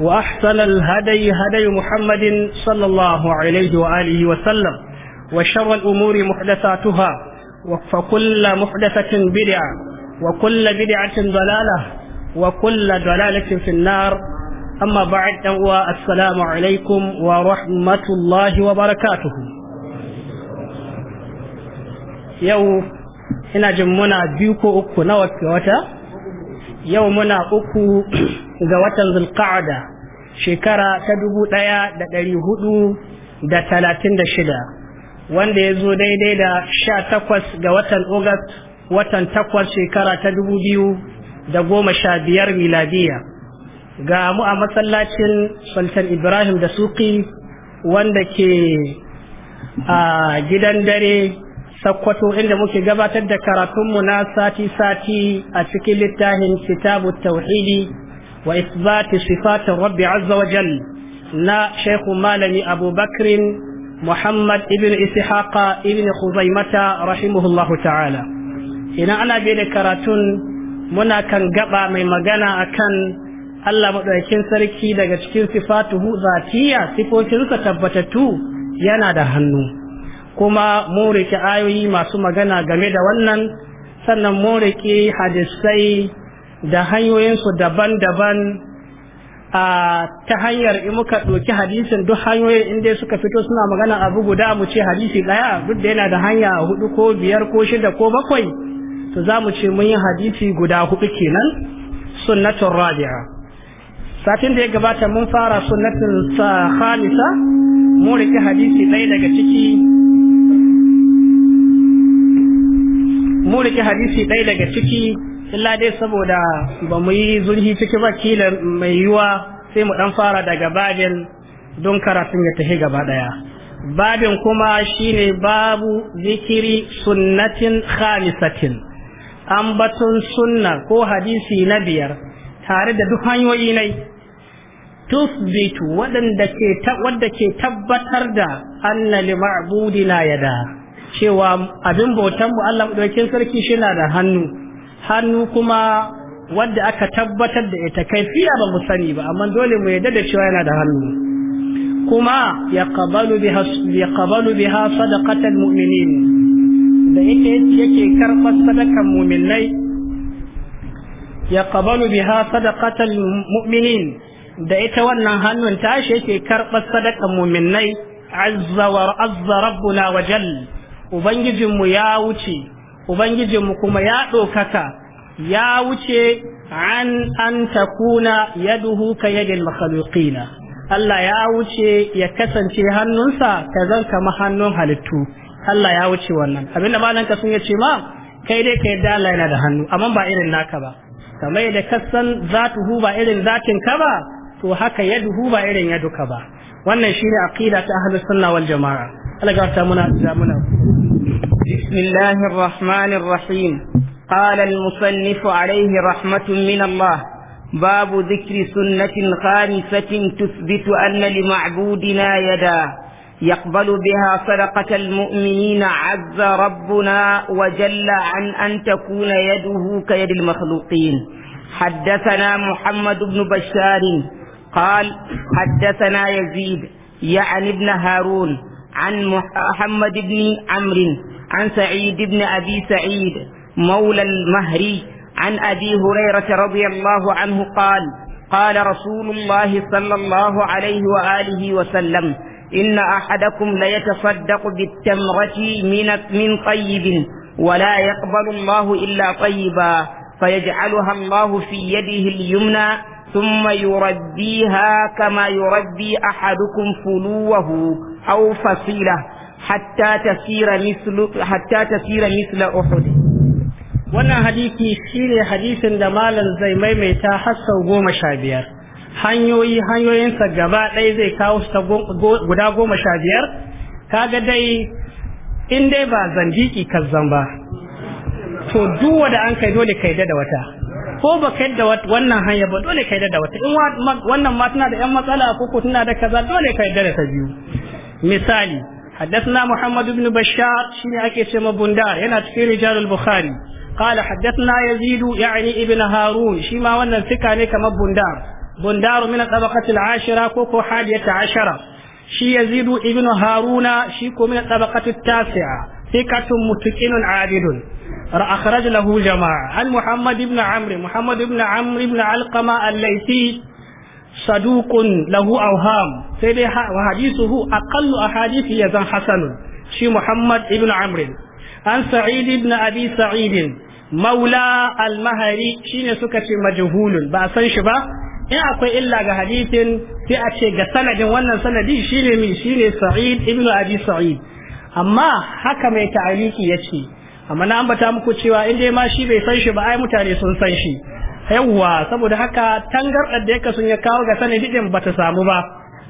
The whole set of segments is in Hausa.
وأحسن الهدي هدي محمد صلى الله عليه وآله وسلم وشر الأمور محدثاتها فكل محدثة بدعة وكل بدعة ضلالة وكل ضلالة في النار أما بعد السلام عليكم ورحمة الله وبركاته يو هنا جمنا muna أكو ko uku na أكو ga watan zulqa'da shekara ta dubu ɗaya da ɗari hudu da talatin da shida wanda ya zo daidai da sha takwas ga watan august watan takwas shekara ta dubu biyu da goma sha biyar miladiya ga mu a masallacin sultan ibrahim da suki wanda ke a gidan dare sakkwato inda muke gabatar da karatunmu na sati-sati a cikin littafin kitabu tauhidi وإثبات صفات الرب عز وجل نا شيخ مالني أبو بكر محمد ابن إسحاق ابن خزيمة رحمه الله تعالى إن أنا بذكرة منا كان قبع من مغانا أكن Allah maɗaukin sarki daga cikin sifatuhu zatiya sifofinsa tabbatattu yana da hannu kuma mun rike ayoyi masu magana game da wannan sannan mun hadisai da hanyoyinsu daban-daban a ta hanyar in muka ɗauki hadisin duk hanyoyin inda suka fito suna magana abu guda mu ce hadisi ɗaya duk da yana da hanya a hudu ko biyar ko shida ko bakwai to za mu ce mun yi hadisi guda hudu kenan sunnatun rabi'a satin da ya gabata mun fara sunnatun khamisa mun rike hadisi ɗaya daga ciki mu rike hadisi ɗaya daga ciki illa dai saboda ba mu yi zurhi ciki ba kila mai yiwa sai mu dan fara daga babin don karatun ya tafi gaba daya babin kuma shine babu zikiri sunnatin khamisatin ambaton sunna ko hadisi na biyar tare da duk hanyoyi nai tusbitu wadanda ke wadda ke tabbatar da anna li ma'budina yada cewa abin bautan mu Allah madaukakin sarki shi na da hannu hannu kuma wadda aka tabbatar da ita kaifiya ba mu sani ba amma dole mu yadda da cewa yana da hannu kuma ya qabalu biha ya qabalu biha sadaqatal mu'minin da ita yake karɓar sadakan mu'minai ya qabalu biha sadaqatal mu'minin da ita wannan hannun tashi yake karɓar sadakan mu'minai azza wa azza rabbuna wa jal ubangijinmu ya wuce ubangijinmu kuma ya ɗaukaka ya wuce an an takuna duhu ka yadil makhluqina Allah ya wuce ya kasance hannunsa ka zan kama hannun halittu Allah ya wuce wannan abinda malan ka sun ce ma kai dai ka yadda Allah yana da hannu amma ba irin naka ba kamar yadda kasan zatuhu ba irin zatin ka ba to haka yaduhu ba irin yaduka ba wannan shine aqida ta ahlus sunna wal jamaa Allah ta muna بسم الله الرحمن الرحيم قال المصنف عليه رحمة من الله باب ذكر سنة خامسة تثبت أن لمعبودنا يدا يقبل بها صدقة المؤمنين عز ربنا وجل عن أن تكون يده كيد المخلوقين حدثنا محمد بن بشار قال حدثنا يزيد يعني ابن هارون عن محمد بن عمرو عن سعيد بن أبي سعيد مولى المهري عن أبي هريرة رضي الله عنه قال قال رسول الله صلى الله عليه وآله وسلم إن أحدكم ليتصدق بالتمرة من من طيب ولا يقبل الله إلا طيبا فيجعلها الله في يده اليمنى ثم يربيها كما يربي أحدكم فلوه أو فصيله hatta tasira mislu hatta tasira misla uhud wannan hadisi shine hadisin da malam zai maimaita har sau goma sha biyar sa hanyoyinsa gaba ɗaya zai kawo ta guda goma sha biyar kaga dai in dai ba zandiki kazzan ba to duk wanda an kai dole kai da wata ko ba kai da wannan hanya ba dole kai da wata in wannan ma tana da yan matsala ko ko tana da kaza dole kai da ta biyu misali حدثنا محمد بن بشار شيني أكي سيما بندار هنا في رجال البخاري قال حدثنا يزيد يعني ابن هارون شيما وانا ثقة كما بندار بندار من الطبقة العاشرة كوكو حادية عشرة شي يزيد ابن هارون شيكو من الطبقة التاسعة ثقة متقن عابد أخرج له جماعة عن محمد بن عمرو محمد بن عمرو بن علقمة الليثي saduqun lahu awham sai dai hadithuhu aqallu ahadithi zan hasan shi Muhammad ibn Amr an Sa'id ibn Abi Sa'id maula al-mahari shine suka ce majhulun ba san shi ba in akwai illa ga hadithin sai a ce ga sanadin wannan sanadi shine mi shine Sa'id ibn Abi Sa'id amma haka mai ta'aliki yace amma na ambata muku cewa in dai ma shi bai san shi ba ai mutane sun san shi yawwa saboda haka tangarɗar da ya sun ya kawo ga sanadi ba bata samu ba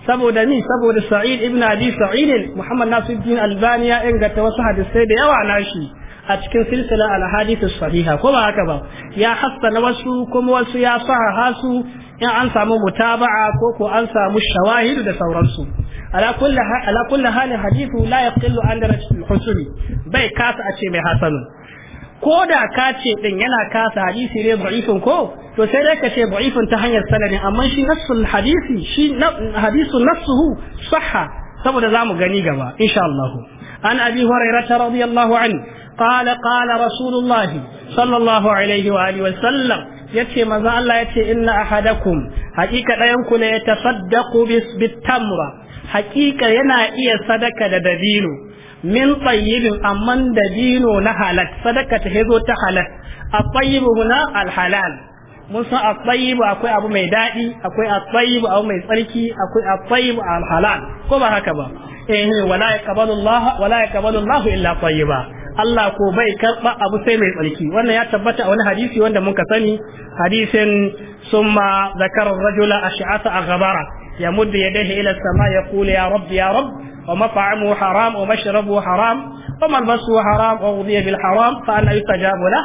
saboda ni saboda Sa'id ibn Abi Sa'id Muhammad Nasiruddin Albani ya inganta wasu hadisai da yawa na shi. a cikin silsila al-hadith sahiha ko ba haka ba ya hassana wasu kuma wasu ya sa hasu in an samu mutaba'a ko ko an samu shawahidu da sauransu ala kulli ala kulli halin hadithu la yaqillu an bai kasa a ce mai hasanun ko da ka ce din yana kasa hadisi ne da'ifin ko to sai dai ka ce da'ifin ta hanyar sanadin amma shi nassul hadisi shi hadisu nassuhu sahha saboda zamu gani gaba insha Allah an abi hurairah radiyallahu anhu qala qala rasulullah sallallahu alaihi wa alihi wa sallam yace maza Allah yace inna ahadakum hakika dayan ku ne yatasaddaqu bis bitamra hakika yana iya sadaka da dabino min tayyibin amman da dino na halal sadaka ta hezo ta halal at-tayyibu huna mun san at akwai abu mai daɗi akwai at-tayyibu abu mai tsarki akwai at-tayyibu al ko ba haka ba eh wala yaqbalu Allah Allah illa Allah ko bai karba abu sai mai tsarki wannan ya tabbata a wani hadisi wanda muka sani hadisin summa zakara rajula ash'asa aghbara يمد يديه إلى السماء يقول يا رب يا رب ومطعمه حرام ومشربه حرام وملبسه حرام وغذي بالحرام فأنا يستجاب له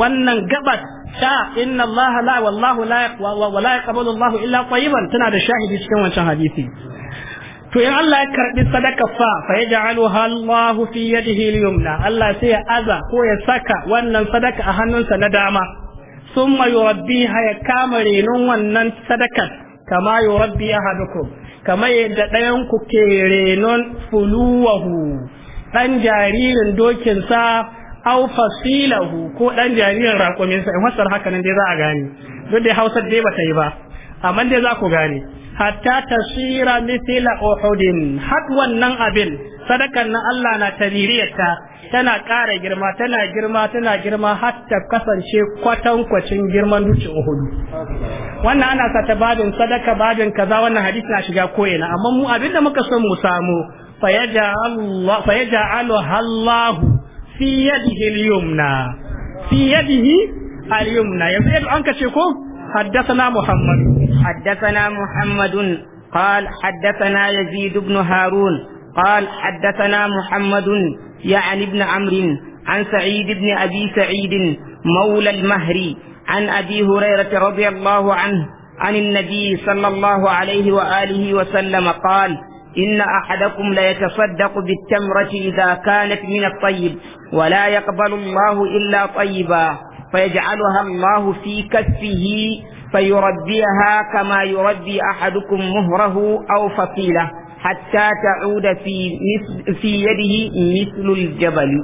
وأن قبت شاء إن الله لا والله لا ولا يقبل الله إلا طيبا تنادى الشاهد يشكي وانشان حديثي to in Allah ya karbi sadaka fa fa ya ja'aluha Allah fi yadihi al-yumna Allah sai ya aza ko ya saka wannan sadaka a hannunsa na dama summa yurabbiha ya kama renon wannan sadakar kama yurabbi ahadukum kama yadda ɗayan ku ke renon fuluwahu ɗan jaririn dokinsa aw fasilahu ko ɗan jaririn raƙuminsa in wasar haka nan dai za a gane duk da hausar dai bata yi ba amma dai za ku gane hatta tasira mithla uhudin har wannan abin sadakar na Allah na tamiriyarta tana ƙara girma tana girma tana girma har ta kasance kwatankwacin girman duci Uhud wannan ana sata babin sadaka babin kaza wannan hadisi na shiga koyina amma mu abinda muka so mu samu fayaja'alu Allahu fi yadihi al-yumna fi yadihi al-yumna yanzu yadda an kace ko حدثنا محمد حدثنا محمد قال حدثنا يزيد بن هارون قال حدثنا محمد يعني ابن عمرو عن سعيد بن أبي سعيد مولى المهري عن أبي هريرة رضي الله عنه عن النبي صلى الله عليه وآله وسلم قال إن أحدكم ليتصدق بالتمرة إذا كانت من الطيب ولا يقبل الله إلا طيبا فيجعلها الله في كفه فيربيها كما يربي أحدكم مهره أو فصيله hatta ta'uda fi fi yadihi mislul jabali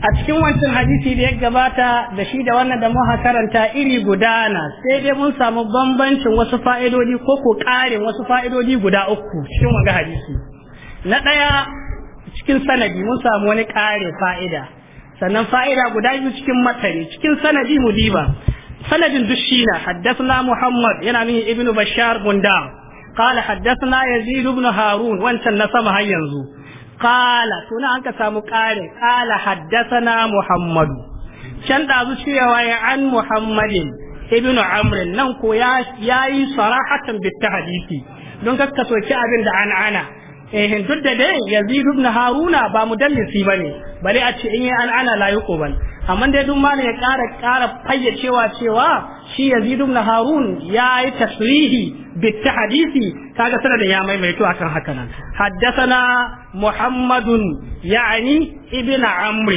a cikin wancan hadisi da ya gabata da shi da wannan da muka karanta iri gudana sai dai mun samu bambancin wasu fa'idodi ko ko ƙarin wasu fa'idodi guda uku cikin wanga hadisi na ɗaya cikin sanadi mun samu wani ƙarin fa'ida sannan fa'ida guda biyu cikin matari cikin sanadi mu diba sanadin duk shi muhammad yana min ibnu bashar gundam qala haddasna yazid ibn harun wancan na sama har yanzu qala suna an ka samu kare qala haddasana muhammad can da zu cewa ya an ibnu amr nan ko ya yayi sarahatan bit hadisi don kakka soki abin da an eh duk da dai yazid ibn haruna ba mu ba ne, bale a ce in yi an ana la yuqbal amma dai duk ya ƙara ƙara fayyacewa cewa shi Yazid ibn Harun ya yi tasrihi bi hadisi kaga sanadin ya maimaito akan haka nan haddathana Muhammadun ya'ni ibn Amr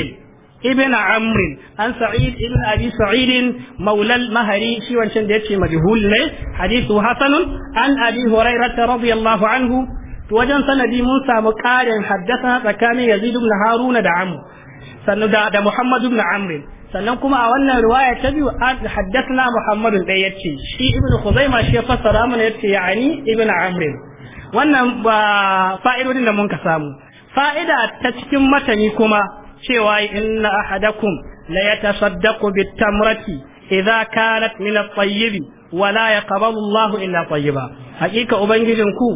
ibn Amr an Sa'id ibn Abi Sa'id maula al-Mahri shi wancan da yace majhul ne hadithu hasanun an Abi Hurairah radiyallahu anhu to wajen sanadi mun samu ƙarin haddasa tsakanin Yazid ibn Harun da Amr sannan da da Muhammad ibn Amr sannan kuma a wannan riwaya ta biyu an haddathna Muhammad da yace shi Ibn Khuzaima shi ya fassara mana yace yani Ibn Amr wannan ba fa'idodin da mun ka samu fa'ida ta cikin matani kuma cewa inna ahadakum la yatasaddaqu bit tamrati idza kanat min at-tayyib wa la yaqbalu Allahu illa tayyiba hakika ubangijinku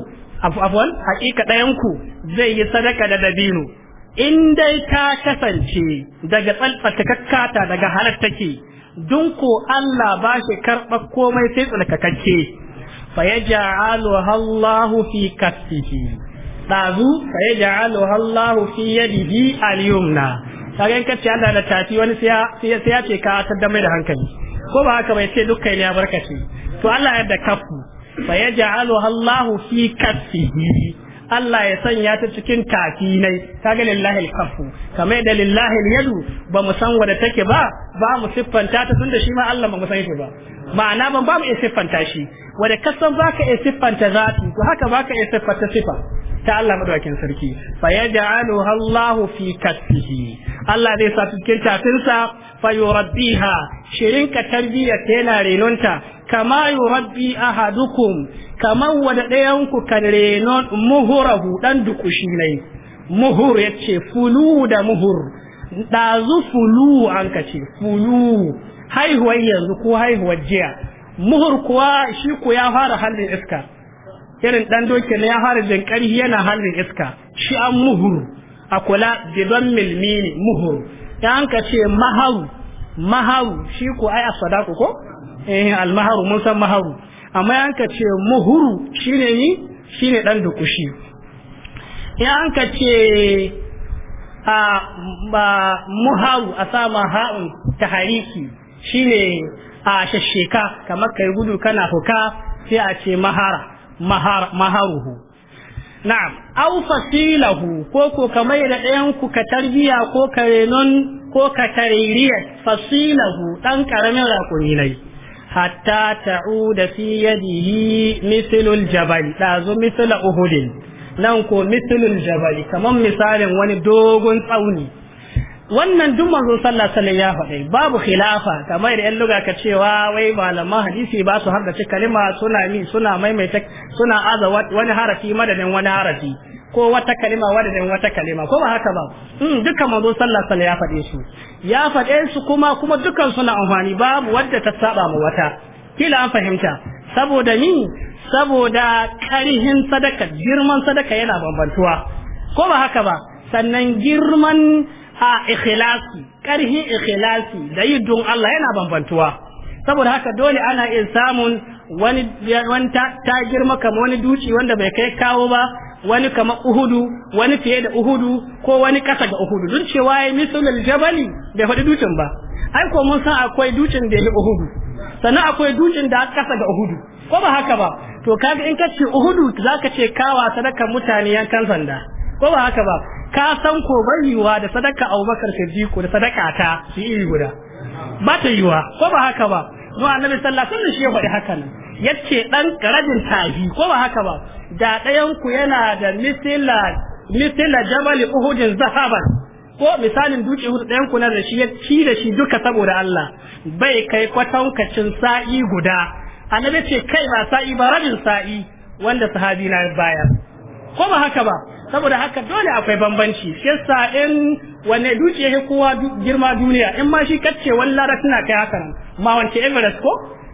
afwan hakika dayanku zai yi sadaka da dabino in dai ka kasance daga tsarkakakkata daga halatta ke dun ko Allah ba shi karɓa komai sai tsarkakakke fa ya ja'alu Allahu fi kaffihi Ɗazu fa ja'alu Allahu fi yadihi al-yumna in kace Allah da tafi wani sai ya ce ka tadda mai da hankali ko ba haka bai ce dukkan ya barkace to Allah ya da kafu fa Allahu fi kaffihi Allah ya sanya ta cikin kaki ta ga lillahi alkafu kamar da lillahi yadu ba mu san wadda take ba ba mu siffanta ta tunda shi ma Allah ba mu san shi ba ma'ana ban ba mu iya siffanta shi wadda kasan baka iya siffanta zatu to haka baka iya siffanta sifa ta Allah madawakin sarki fa yaj'alu Allahu fi kasfihi Allah zai sa cikin tafinsa fa yurabbiha shirin ka tarbiya ta yana renonta kama yurabbi ahadukum kamar wanda ɗayan ku kan renon muhurahu dan dukushi ne muhur yace fulu da muhur ɗazu fulu an ka ce fulu haihuwar yanzu ko haihuwar jiya muhur kuwa shi ku ya fara halin iska irin ɗan doki na ya harbin ƙarfi yana harbin iska shi an muhuru a kula bidon milmini muhur ya an ka ce maharu maharu shi ko ai a sadaku ko eh almaharu mun san maharu amma ya an ka ce muhuru shine ni shine dan dukushi ya an ka ce a muharu a sama ha'un tahariki shine a shashshika kamar kai gudu kana huka sai a ce mahara maharuhu na'am aw fasilahu ko ko kamar da ɗayan ku ka tarbiya ko ka renon ko ka taririya fasilahu dan karamin rakuri nai hatta ta'uda fi yadihi mithlul jabal zo mithlul uhudin nan ko mithlul jabal kamar misalin wani dogon tsauni wannan duk manzo sallallahu alaihi wasallam ya faɗi babu khilafa kamar da yan luga ka cewa wai malaman hadisi ba su har da ci kalima suna ni suna maimaita suna aza wani harafi madadin wani harafi ko wata kalima madadin wata kalima ko ba haka ba mm, dukkan manzo sallallahu alaihi wasallam ya faɗe su ya faɗe su kuma kuma dukkan suna amfani babu wadda ta saba ma wata kila an fahimta saboda ni saboda karihin sadaka girman sadaka yana bambantuwa ko ba haka ba sannan girman a ikhlasi ƙarhin ikhlasi da yi don Allah yana bambantuwa saboda haka dole ana iya samun wani wani ta girma kama wani duci wanda bai kai kawo ba wani kama uhudu wani fiye da uhudu ko wani kasa ga uhudu duk cewa ya misalul jabali bai faɗi ducin ba ai ko mun san akwai ducin da ya uhudu sannan akwai ducin da kasa ga uhudu ko ba haka ba to kaga in ka ce uhudu zaka ce kawa sadakar mutane yankan sanda ko ba haka ba ka san ko bai yiwa da sadaka Abubakar Siddiq da sadaka ta su iri guda ba ta yiwa ko ba haka ba mu Annabi sallallahu alaihi wasallam shi ya faɗi haka ne yace dan karabin tahi ko ba haka ba da ɗayan ku yana da misila misila jabal uhudin zahaban ko misalin duki hudu ɗayan ku na da shi ya ci da shi duka saboda Allah bai kai kwatankacin sa'i guda annabi ce kai ba sa'i ba rabin sa'i wanda sahabi na bayar ko ba haka ba saboda haka dole akwai bambanci shi yasa in wanne dukiya ya kowa girma duniya in ma shi kacce wallara tana kai haka ma wance Everest ko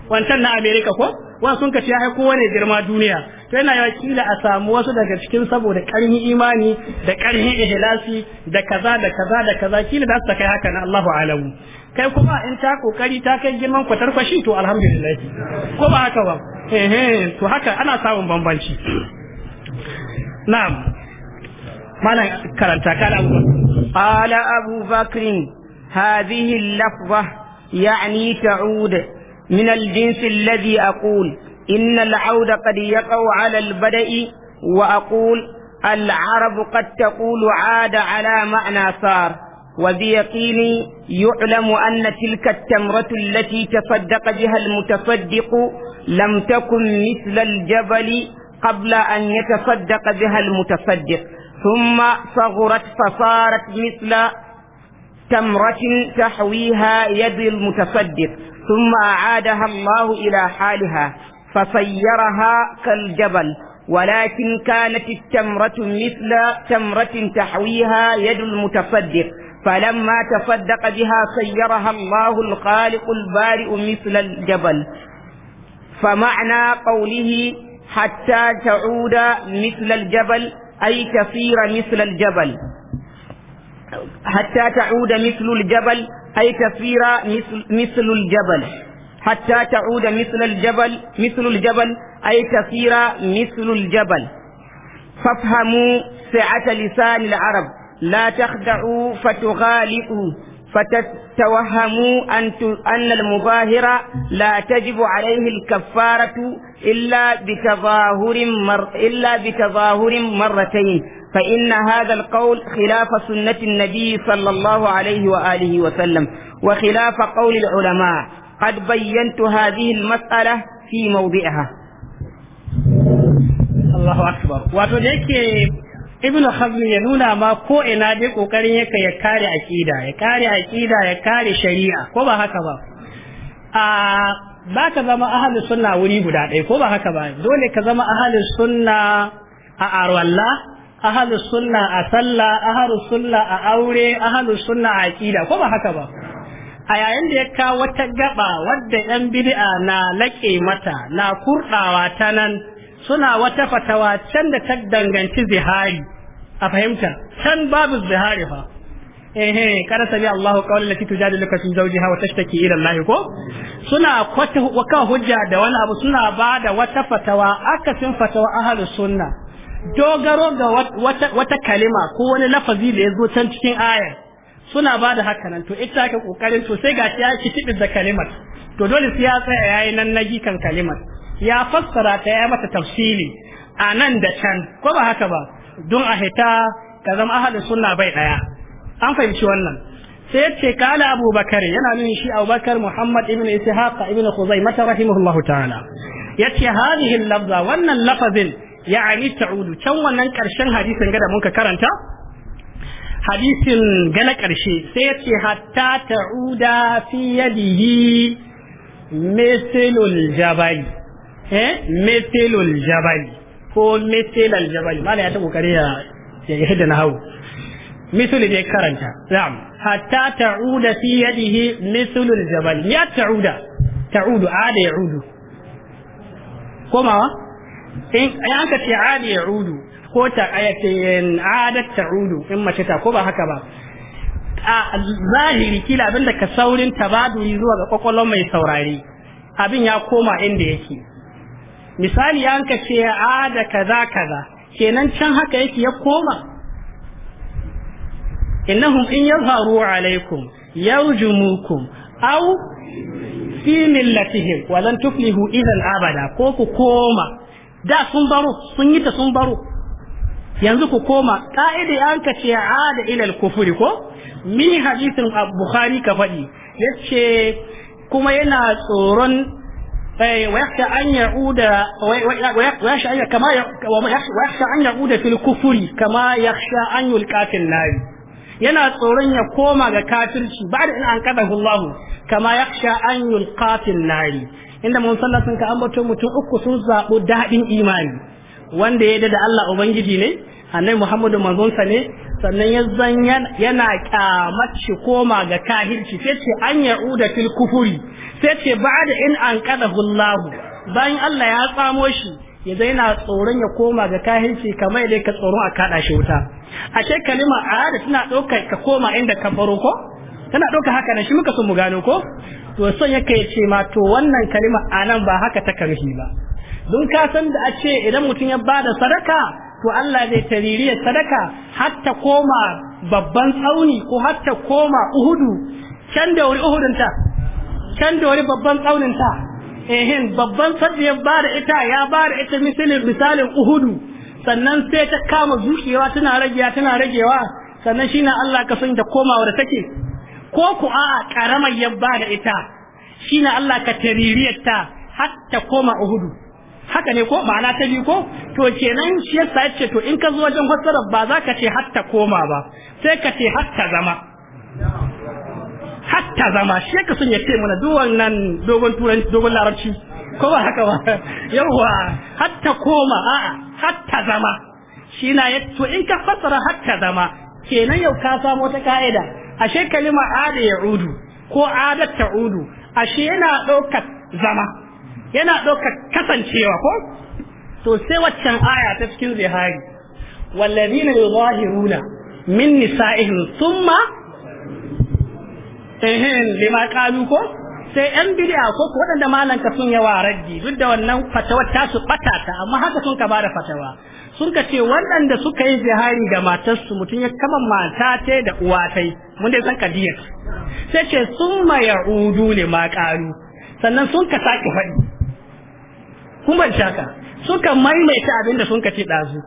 wancan na America ko wa sun kace ya kowa ne girma duniya to yana yawa kila a samu wasu daga cikin saboda karhin imani da karhin ihlasi da kaza da kaza da kaza kila da su kai haka na Allahu alamu kai kuma in ta kokari ta kai girman kwatar kwashi to alhamdulillah ko ba haka ba to haka ana samun bambanci na'am كرنتا karanta أبو بكر قال أبو بكر هذه اللفظة يعني تعود من الجنس الذي أقول إن العود قد يقع على البدء وأقول العرب قد تقول عاد على معنى صار وبيقين يعلم أن تلك التمرة التي تصدق بها المتصدق لم تكن مثل الجبل قبل أن يتصدق بها المتصدق ثم صغرت فصارت مثل تمرة تحويها يد المتصدق ثم أعادها الله إلى حالها فصيرها كالجبل ولكن كانت التمرة مثل تمرة تحويها يد المتصدق فلما تصدق بها صيرها الله الخالق البارئ مثل الجبل فمعنى قوله حتى تعود مثل الجبل أي كثيرة مثل الجبل حتى تعود مثل الجبل أي كثيرة مثل, مثل الجبل حتى تعود مثل الجبل مثل الجبل أي كثيرة مثل الجبل فافهموا سعة لسان العرب لا تخدعوا فتغالئوا فتتوهموا أن أن المظاهر لا تجب عليه الكفارة إلا بتظاهر مر إلا بتظاهر مرتين فإن هذا القول خلاف سنة النبي صلى الله عليه وآله وسلم وخلاف قول العلماء قد بينت هذه المسألة في موضعها الله أكبر وتدك ibn hazm ya nuna ma ko ina dai kokarin yake ya kare aqida ya kare aqida ya kare shari'a ko ba haka ba a ba ka zama ahalin sunna wuri guda ɗaya ko ba haka ba dole ka zama ahalin sunna a arwalla ahalin sunna a sallah ahalin sunna a aure ahalin sunna a aqida ko ba haka ba a yayin da ya kawo wata gaba wadda yan bid'a na laƙe mata na kurɗawa ta nan suna wata fatawa can da ta danganci zihari a fahimta can babu zihari fa eh kada sami Allah qawla lati ka fi zauji hawa tashtaki ila Allah ko suna kwata ka hujja da wani abu suna bada wata fatawa aka sun fatawa ahlus sunna dogaro ga wata, kalima ko wani lafazi da ya zo can cikin aya suna bada da haka nan to ita ka kokarin to sai gashi ya ci tibin da kalimar to dole sai ya tsaya yayi nan naji kan kalimar ya fassara ta ya mata tafsili a nan da can ko ba haka ba don a hita ka zama ahalin sunna bai daya an fahimci wannan sai yace kala Abu Bakar yana nuni shi Abu Bakar Muhammad ibn Ishaq ibn Khuzaimah rahimahullah ta'ala yace hadhihi lafza wannan lafazin ya'ani ta'udu can wannan karshen hadisin ga da muka karanta hadisin gana ƙarshe sai ya ce hatta ta'uda fi yadihi misilul jabali eh misilul jabali ko mitilal jabal mana ya ta kokari ya ya na hawo misul ne karanta na'am hatta ta'uda fi yadihi mislul jabal ya ta'uda ta'udu ada ya'udu komawa in an ka ce ada ya'udu ko ta ayatin ada ta'udu in mace ta ko ba haka ba a zahiri kila abinda ka saurin tabaduri zuwa ga kwakwalwar mai saurari abin ya koma inda yake misali an ka ce a da kaza kaza kenan can haka yake ya koma innahum in yazharu alaikum yarjumukum aw fi millatihim wa lan tuflihu idan abada ko ku koma da sun baro sun yi ta sun baro yanzu ku koma ka'ida an ka ce a da ilal kufuri ko min hadisin bukhari ka faɗi yace kuma yana tsoron ويخشى أن يعود ويخشى أن كما ويخشى أن يعود في الكفر كما يخشى yana tsoron ya koma ga kafirci ba da in an kada Allahu kama yaksha an yulqa fil nari inda mun sallah ka ambato mutum uku sun zabu daɗin imani wanda ya da Allah ubangiji ne annabi Muhammadu manzonsa ne sannan ya zan yana kyamar koma ga kahirci sai ce an ya'uda fil kufuri sai ce ba da in an kada hullahu bayan Allah ya tsamo shi ya daina tsoron ya koma ga kahinci kamar yadda ka tsoron a kada shi wuta A ce kalima ada tana ɗaukar ka koma inda ka baro ko tana ɗauka haka na shi muka sun mu gano ko to son yake ya ce ma to wannan kalima a nan ba haka ta karfi ba don ka san da a ce idan mutum ya bada sadaka to Allah zai tariri ya sadaka hatta koma babban tsauni ko hatta koma uhudu can da wuri uhudun can da babban tsaunin ta ehin babban sadda ya ba da ita ya ba da ita misalin misalin uhudu sannan sai ta kama zuciyawa tana ragewa tana ragewa sannan shi na Allah ka sanya da komawa da take ko ku a karamar ya ba da ita shi na Allah ka taririyar ta har koma uhudu haka ne ko ma'ana ta biyu ko to kenan shi sa yace to in ka zo wajen fassarar ba za ka ce hatta koma ba sai ka ce hatta zama hatta zama shi ka sun ce mana duk wannan dogon turanci dogon larabci ko ba haka ba yawa hatta koma a hatta zama shi na ya to in ka fasara hatta zama kenan yau ka samu wata ka'ida ashe kalima ada ya udu ko ada ta udu ashe yana ɗaukar zama yana ɗaukar kasancewa ko to sai waccan aya ta cikin zihari wallazina yuzahiruna min nisa'ihim thumma ehin lima kalu ko sai yan bid'a ko ko wadanda malan ka sun yawa raddi duk da wannan fatawa ta su bata ta amma haka sun ka bada fatawa sun ka ce waɗanda suka yi zihari ga matarsu mutum ya kama mata ta da uwa tai mun dai san kadiyar sai ce sun ne ma kalu sannan sun ka sake faɗi kuma ban shaka suka maimaita abin da sun ka ce ɗazu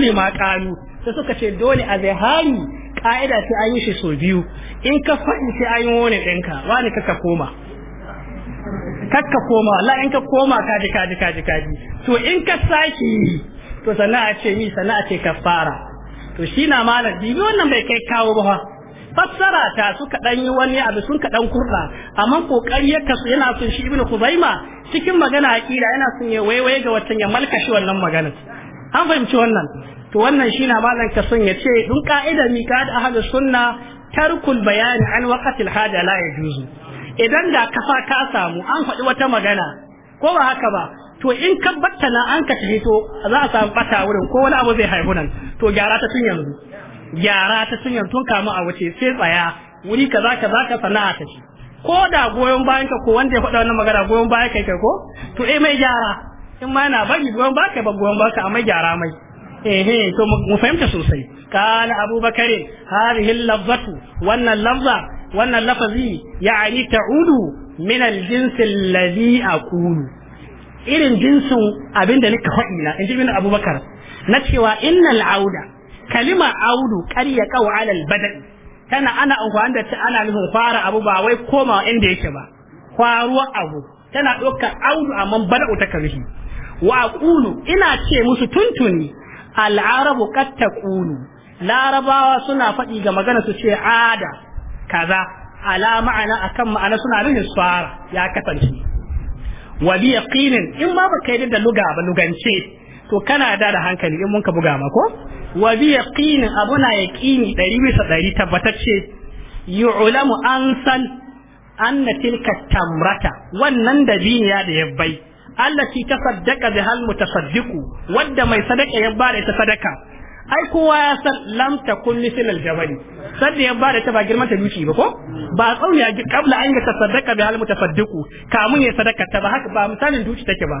ne ma kalu sai suka ce dole a zahari ka'ida sai an yi shi so biyu in ka faɗi sai an yi wani ɗinka wani kaka koma kakka koma la in ka koma kaji kaji kaji kaji to in ka saki to sana'a ce mi sana'a ce ka fara to shi na malam biyu wannan bai kai kawo ba fassara ta suka dan yi wani abu sun ka dan kurda amma kokari ya kasu yana sun shi ibnu kuzaima cikin magana ƙira yana sun yi waiwaye ga watan ya shi wannan magana an fahimci wannan to wannan shi na malam ka son ya ce dun ka'idar mi ka ahlu sunna tarkul bayani an waqatil hada la yajuzu idan da kafa ka samu an faɗi wata magana ko ba haka ba to in ka batta na an ka to za a samu ɓata wurin ko wani abu zai haihu nan to gyara ta tun yanzu gyara ta tun yanzu tun kamu a wuce sai tsaya wuri kaza kaza ka sana'a ta ce ko da goyon bayan ka ko wanda ya faɗa wannan magana goyon bayan kai ko to eh mai gyara in ma yana bari goyon baka ba goyon baka amma gyara mai eh to mu fahimta sosai kana abubakar hadhihi al-lafzatu wannan lafza wannan lafazi ya'ani ta'udu min al-jins alladhi aqulu irin jinsin abinda nika faɗi na inji min abubakar na cewa innal auda kalima audu qarya qaw ala al-badal tana ana amfani da ta ana nufin fara abu ba wai koma inda yake ba faruwa abu tana ɗaukar audu amma bada'u ta karhi wa aqulu ina ce musu tuntuni al'arabu buƙatar taqulu larabawa suna fadi ga magana su ce ada kaza ala ma'ana akan ma'ana suna nufin suara ya kasance wa bi yaqinin in ma baka yi da luga ba lugance to kana da da hankali in mun ka buga ma ko wa bi yaqinin abuna yaqini 100 100 tabbatacce yu'lamu an san anna tilka tamrata wannan da biniya da yabbai allati tasaddaqa bihal mutasaddiqu wadda mai sadaka ya bada ita sadaka ai kowa ya san lamta takun misal aljabali sanda ya bada ta ba girman ta duki ba ko ba tsauni a kabla an ya tasaddaka bi hal mutafaddiqu kamun ya sadaka ta ba haka ba misalin duki take ba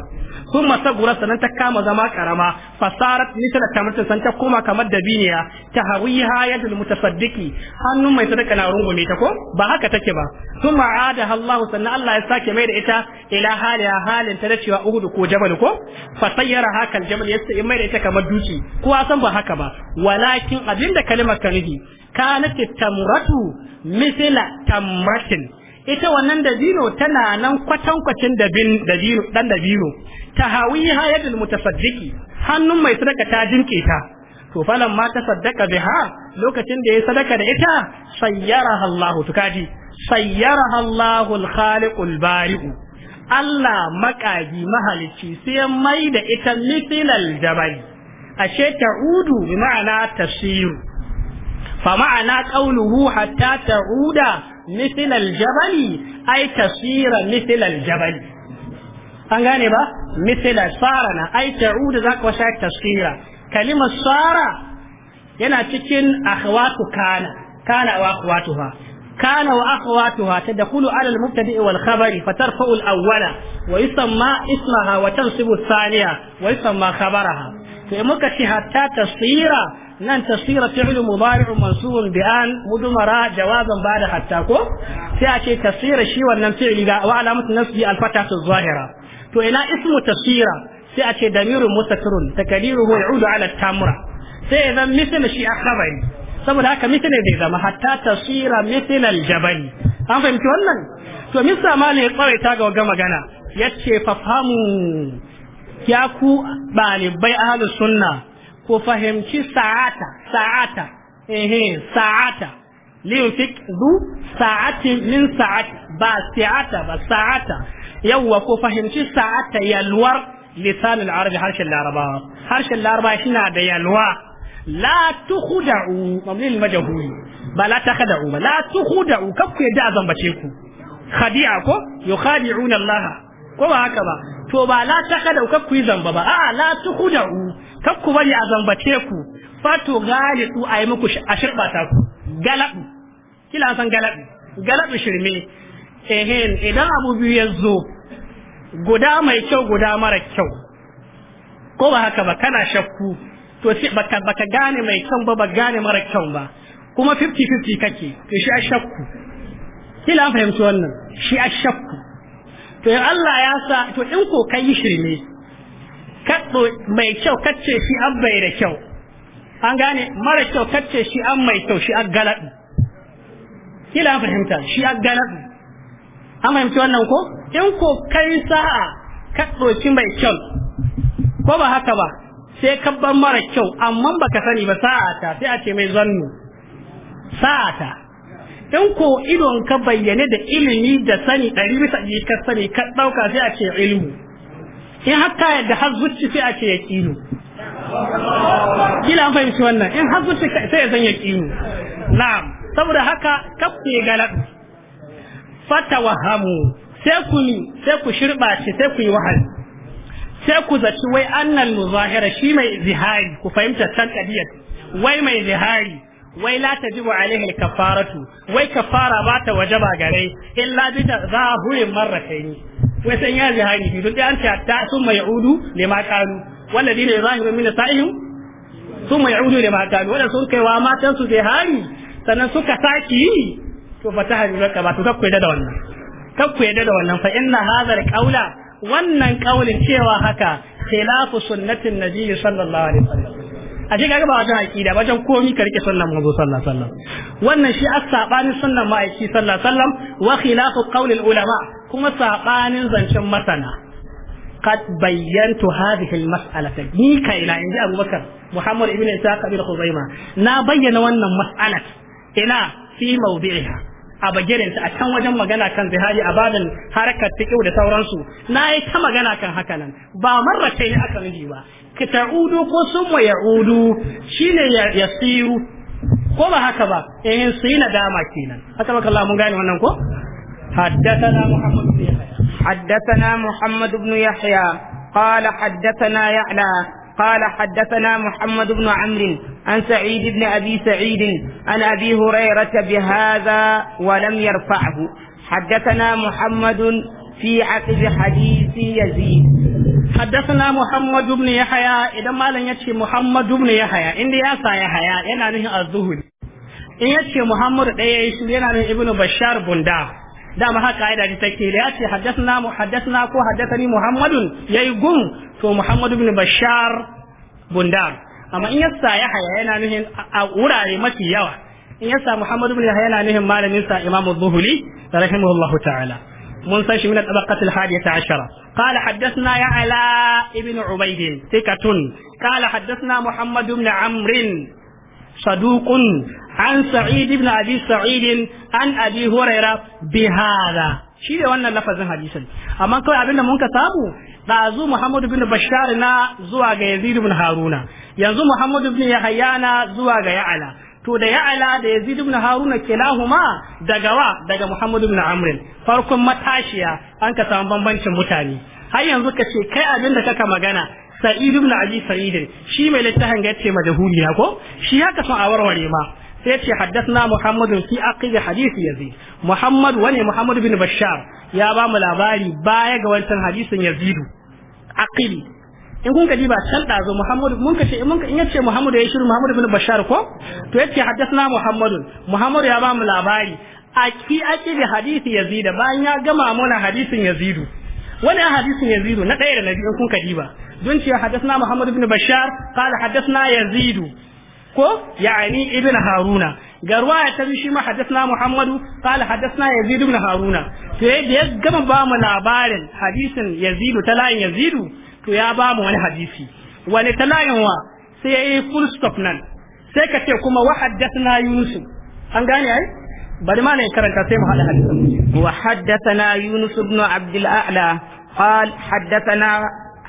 kuma sabura sanan ta kama zama karama fasarat misal ta san ta koma kamar dabiniya ta hawiha yadul mutafaddiqi hannun mai sadaka na rungume ta ko ba haka take ba kuma ada Allah sannan Allah ya sake mai da ita ila a halin ta da cewa uhudu ko jabal ko fasayyara hakal jabal ya in mai da ita kamar duki ko san ba haka haka ba walakin abinda kalimar ka nufi kanat tamratu misla tamratin ita wannan dabino tana nan kwatankwacin ɗan dabino dan hawi tahawiha yadul mutasaddiqi hannun mai sadaka ta jinke ta to falan ma ta saddaka biha lokacin da ya sadaka da ita sayyaraha Allahu tukaji sayyaraha Allahu khaliqul bari'u Allah maƙaji mahalicci sai mai da ita misilal jabal ashe ta'udu bi ma'ana tafsiru fa ma'ana qawluhu hatta ta'uda mithl al-jabal ay tasira mithl al-jabal an gane ba mithl sara na ay ta'udu zaka wasa tasira kalima sara yana cikin akhwatu kana kana wa akhwatuha كان وأخواتها تدخل على المبتدئ والخبر فترفع الأولى ويسمى اسمها وتنصب الثانية ويسمى خبرها to muka ce hatta tasira nan tasira fi'lu mudari'un mansubun bi an mudmara ba bada hatta ko sai a ce tasira shi wannan fi'li ga wa alamatu nasbi al-fatatu zahira to ina ismu tasira sai a ce damirun mustatirun takdiruhu ya'udu ala tamura sai idan misal shi akhbari saboda haka misal zai zama hatta tasira misal al-jabal an fahimci wannan to misa ma ne tsawaita ga magana yace fafamu ya ku ɗalibai ahalus sunna ko fahimci sa'ata sa'ata ehe sa'ata liyunfik zu sa'ati min sa'ati ba sa'ata ba sa'ata yawwa ko fahimci sa'ata yalwar lisanin arabi harshen larabawa harshen larabawa shina da yalwa la tukhuda'u mamlil majhul ba la takhada'u ba la tuhu tukhuda'u kakku yadda zambace ku khadi'a ko yukhadi'una allaha ko ba haka ba to ba la ta kada ku ku zamba ba a'a la tuhudu kar ku bari a zambace ku fato galitu a yi muku a shirba ta ku galabu kila san galabu galabu shirme ehen idan abu biyu ya zo guda mai kyau guda mara kyau ko ba haka ba kana shakku to sai baka baka gane mai kyau ba ba gane mara kyau ba kuma 50-50 kake to shi a shakku kila an fahimci wannan shi a shakku to in Allah ya sa to in ko kai shirme kaddo mai kyau kacce shi an bai da kyau an gane mara kyau kacce shi an mai kyau shi an galadu kila fahimta shi an galadu an fahimci wannan ko in ko kai sa'a kaddo shi mai kyau ko ba haka ba sai kabban mara kyau amma baka sani ba sa'a ta sai a ce mai zannu sa'a ta in ko idon ka bayyane da ilimi da sani ɗari bisa ɗari ka sani ka ɗauka sai a ce ilimi in haka yadda har zuci sai a ce ya kila an fahimci wannan in har zuci sai ya zan ya ƙinu na'am saboda haka kafke galadu fata wahamu sai ku ni sai ku shirɓa sai ku yi wahal sai ku zaci wai annal muzahira shi mai zihari ku fahimta san kadiyar wai mai zihari wai la tajibu alaihi kafaratu wai kafara ba ta wajaba gare illa bi tazahurin marratayn wai san ya jihani bi duk an ta ta summa yaudu lima qalu walladina yuzahiru min sa'ihim udu ne ma qalu wanda sun kai kaiwa matan su jihani sannan suka saki to ta fatahu ka ba to kakku da wannan kakku da wannan fa inna hadha alqaula wannan kaulin cewa haka khilafu sunnatin nabiyyi sallallahu alaihi wasallam a shi kaga ba wajen wajen komi ka rike manzo sallallahu wannan shi a saɓanin sunnan ma'aiki sallallahu alaihi wa khilafu qawlil ulama kuma sabanin zancen masana qad bayyantu hadhihi al ni kaina inji abubakar muhammad ibn isa kabir khuzaima na bayyana wannan mas'alat ina fi mawdi'iha a bagirinta a can wajen magana kan zihari a babin harkar fiƙiu da sauransu na yi ta magana kan hakanan ba marrace ne aka nufi ba ka ko summa ya'udu shine yasiru ko ba haka ba eh su yi nadama kenan haka Allah mun gane wannan ko حدثنا محمد بن يحيى حدثنا محمد بن يحيى قال حدثنا يعلى قال حدثنا محمد بن عمرو عن سعيد بن أبي سعيد عن أبي هريرة بهذا ولم يرفعه حدثنا محمد في عقب حديث يزيد حدثنا محمد بن يحيى إذا ما لن يتي محمد بن يحيى إن ياسا يحيى ينا نهي الظهر إن يتي محمد إيش ينا نهي ابن بشار بندا dama haka aida ta take da yace haddathna ko haddathna ko haddathani muhammadun yayi gum to muhammad ibn bashar bundar amma in yasa ya yana nuhin a wurare mafi yawa in yasa muhammad ibn yahya yana nuhin malamin sa imamu zuhuli rahimahullahu ta'ala mun san shi min tabaqatil hadiyata ashara qala haddathna ya ala ibn ubayd tikatun qala haddathna muhammad ibn amr صدوق عن سعيد بن ابي سعيد عن ابي هريره بهذا shi ne wannan lafazin hadisin amma kawai abinda mun ka samu ɗazu muhammadu Ibn bashar na zuwa ga yazid bin haruna yanzu muhammadu bin yahya na zuwa ga ya'ala to da ya'ala da yazid ibn haruna kilahuma daga wa daga Muhammadu ibn Amrin farkon matashiya an ka samu bambancin mutane har yanzu ka ce kai abin da kaka magana sa'id ibn abi sa'id shi mai littafin ga yace majhuli na ko shi haka son a warware ma sai ce haddathna muhammadun fi aqid hadisi yazid muhammad wani muhammad ibn bashar ya ba mu labari baya ga wancan hadisin yazidu aqili in kun ka diba can ɗazo Muhammadu mun ka ce in in yace Muhammadu ya shiru Muhammadu bin Bashar ko to yace haddathna Muhammadu Muhammadu ya ba mu labari aki aki da hadisi Yazid bayan ya gama mana hadisin Yazid wani hadisin Yazid na ɗaya da na biyu in kun ka diba don cewa haddathna Muhammadu bin Bashar qala haddathna Yazid ko yani ibn Haruna ga ya ta shi ma haddathna Muhammadu qala haddathna Yazid ibn Haruna to yadda ya gama ba mu labarin hadisin Yazid ta layin Yazid to ya ba mu wani hadisi wani talayin wa sai ya yi full stop nan sai ka ce kuma wa haddathna yunus an gane ai bari ma ne karanta sai mu hada hadisin wa haddathna yunus ibn abdul a'la قال حدثنا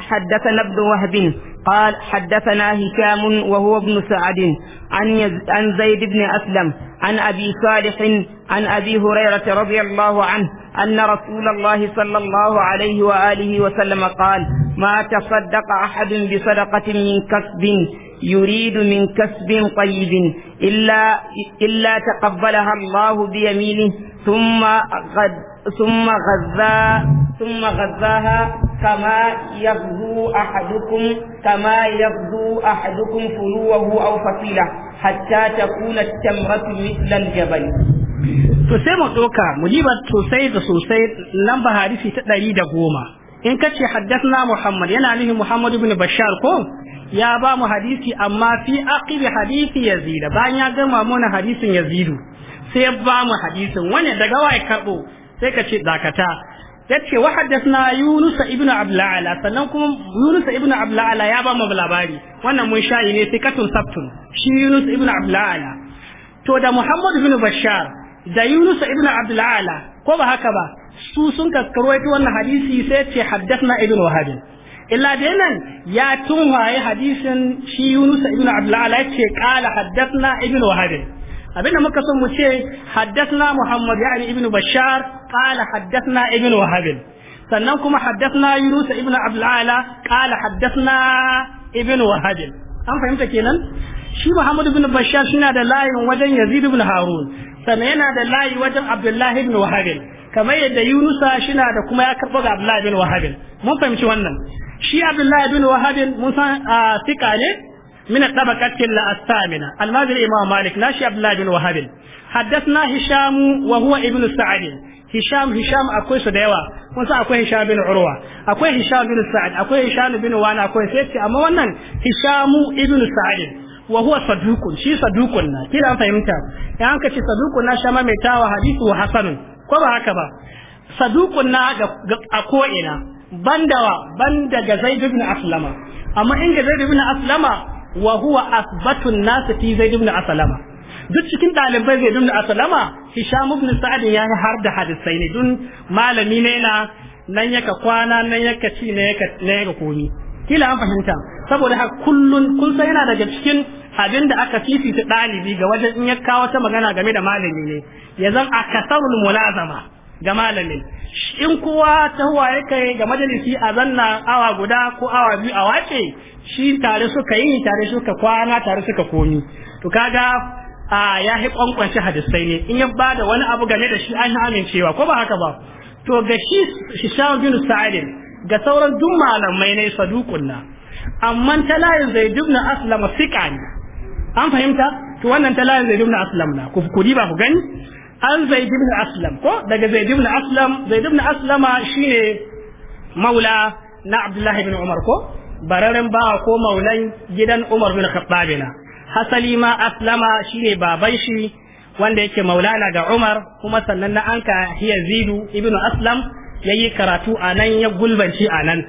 حدثنا ابن وهب قال حدثنا هشام وهو ابن سعد عن عن زيد بن اسلم عن ابي صالح عن ابي هريره رضي الله عنه ان رسول الله صلى الله عليه واله وسلم قال ما تصدق احد بصدقه من كسب يريد من كسب طيب إلا, إلا تقبلها الله بيمينه ثم غد ثم غذا ثم غذاها كما يغزو أحدكم كما يغزو أحدكم فلوه أو فصيلة حتى تكون التمرة مثل الجبل to توكا mu تسيد تسيد sosai da تدري دغوما in ka ce haddathna muhammad yana nuhi muhammad ibn bashar ko ya ba mu hadisi amma fi aqibi hadisi yazid bayan ya gama mana hadisin yazid sai ya ba mu hadisin wani daga waye karbo sai ka ce dakata yace wa haddathna yunus ibn abdulala sannan kuma yunus ibn abdulala ya ba mu labari wannan mun sha'i ne sai katun sabtun shi yunus ibn abdulala to da muhammad ibn bashar da Yunusa ibn abdulala ko ba haka ba su sun karkarwaito wannan hadisi sai ce haddathna ibn wahab illa dai nan ya tunwaye hadisin shi yunus ibn abdullah ya ce qala haddathna ibn wahab abinda muka son mu ce haddathna muhammad yani ibn bashar qala haddathna ibn wahab sannan kuma haddathna yunus ibn abdullah qala haddathna ibn wahab an fahimta kenan shi Muhammad bin Bashar suna da layin wajen Yazid bin Harun sannan yana da layi wajen Abdullahi bin Wahab kamar yadda yunusa shina da kuma ya karɓo ga abdullahi bin wahabin mun fahimci wannan shi abdullahi bin wahabin mun san sika ne min tabaqat al asamina al madri imam malik na shi abdullahi bin حدثنا هشام وهو ابن سعد هشام هشام akwai su da yawa kun san akwai hisham bin urwa akwai hisham bin sa'ad akwai hisham bin wana akwai sai amma wannan hishamu ibn sa'ad wa huwa saduqun shi saduqun na kira fahimta in an kace na shama mai tawa ko ba haka ba saduqun na a koina ina bandawa banda ga zaid ibn aslama amma in ga zaid ibn aslama wa huwa asbatun nas fi zaid ibn aslama duk cikin ɗalibai zai ibn aslama hisham ibn sa'd ya har da hadisai ne dun malami ne na nan yaka kwana nan yaka ci ne yaka yaka komi kila an fahimta saboda haka kullun kun san yana daga cikin abin da aka fifita ɗalibi ga wajen in ya kawo ta magana game da malami ne ya zan a kasarul mulazama ga malamin in kowa ta ya kai ga majalisi a zanna awa guda ko awa biyu a wace shi tare suka yi tare suka kwana tare suka komi to kaga a ya yi kwankwanci hadisai ne in ya bada wani abu game da shi an yi amincewa ko ba haka ba to ga shi shawar bin sa'adin ga sauran duk malamai ne sadukun na amma ta layin zai dubna aslama fiqa ne an fahimta to wannan ta layin zai dubna aslam na ku kudi ba ku gani an zaid ibn aslam ko daga zaid ibn aslam zaid ibn aslama shine maula na abdullahi ibn umar ko bararen ba ko maulan gidan umar bin khattab na hasali ma aslama shine baban shi wanda yake maulana ga umar kuma sannan na anka hiya zidu ibn aslam yayi karatu anan ya gulbanci anan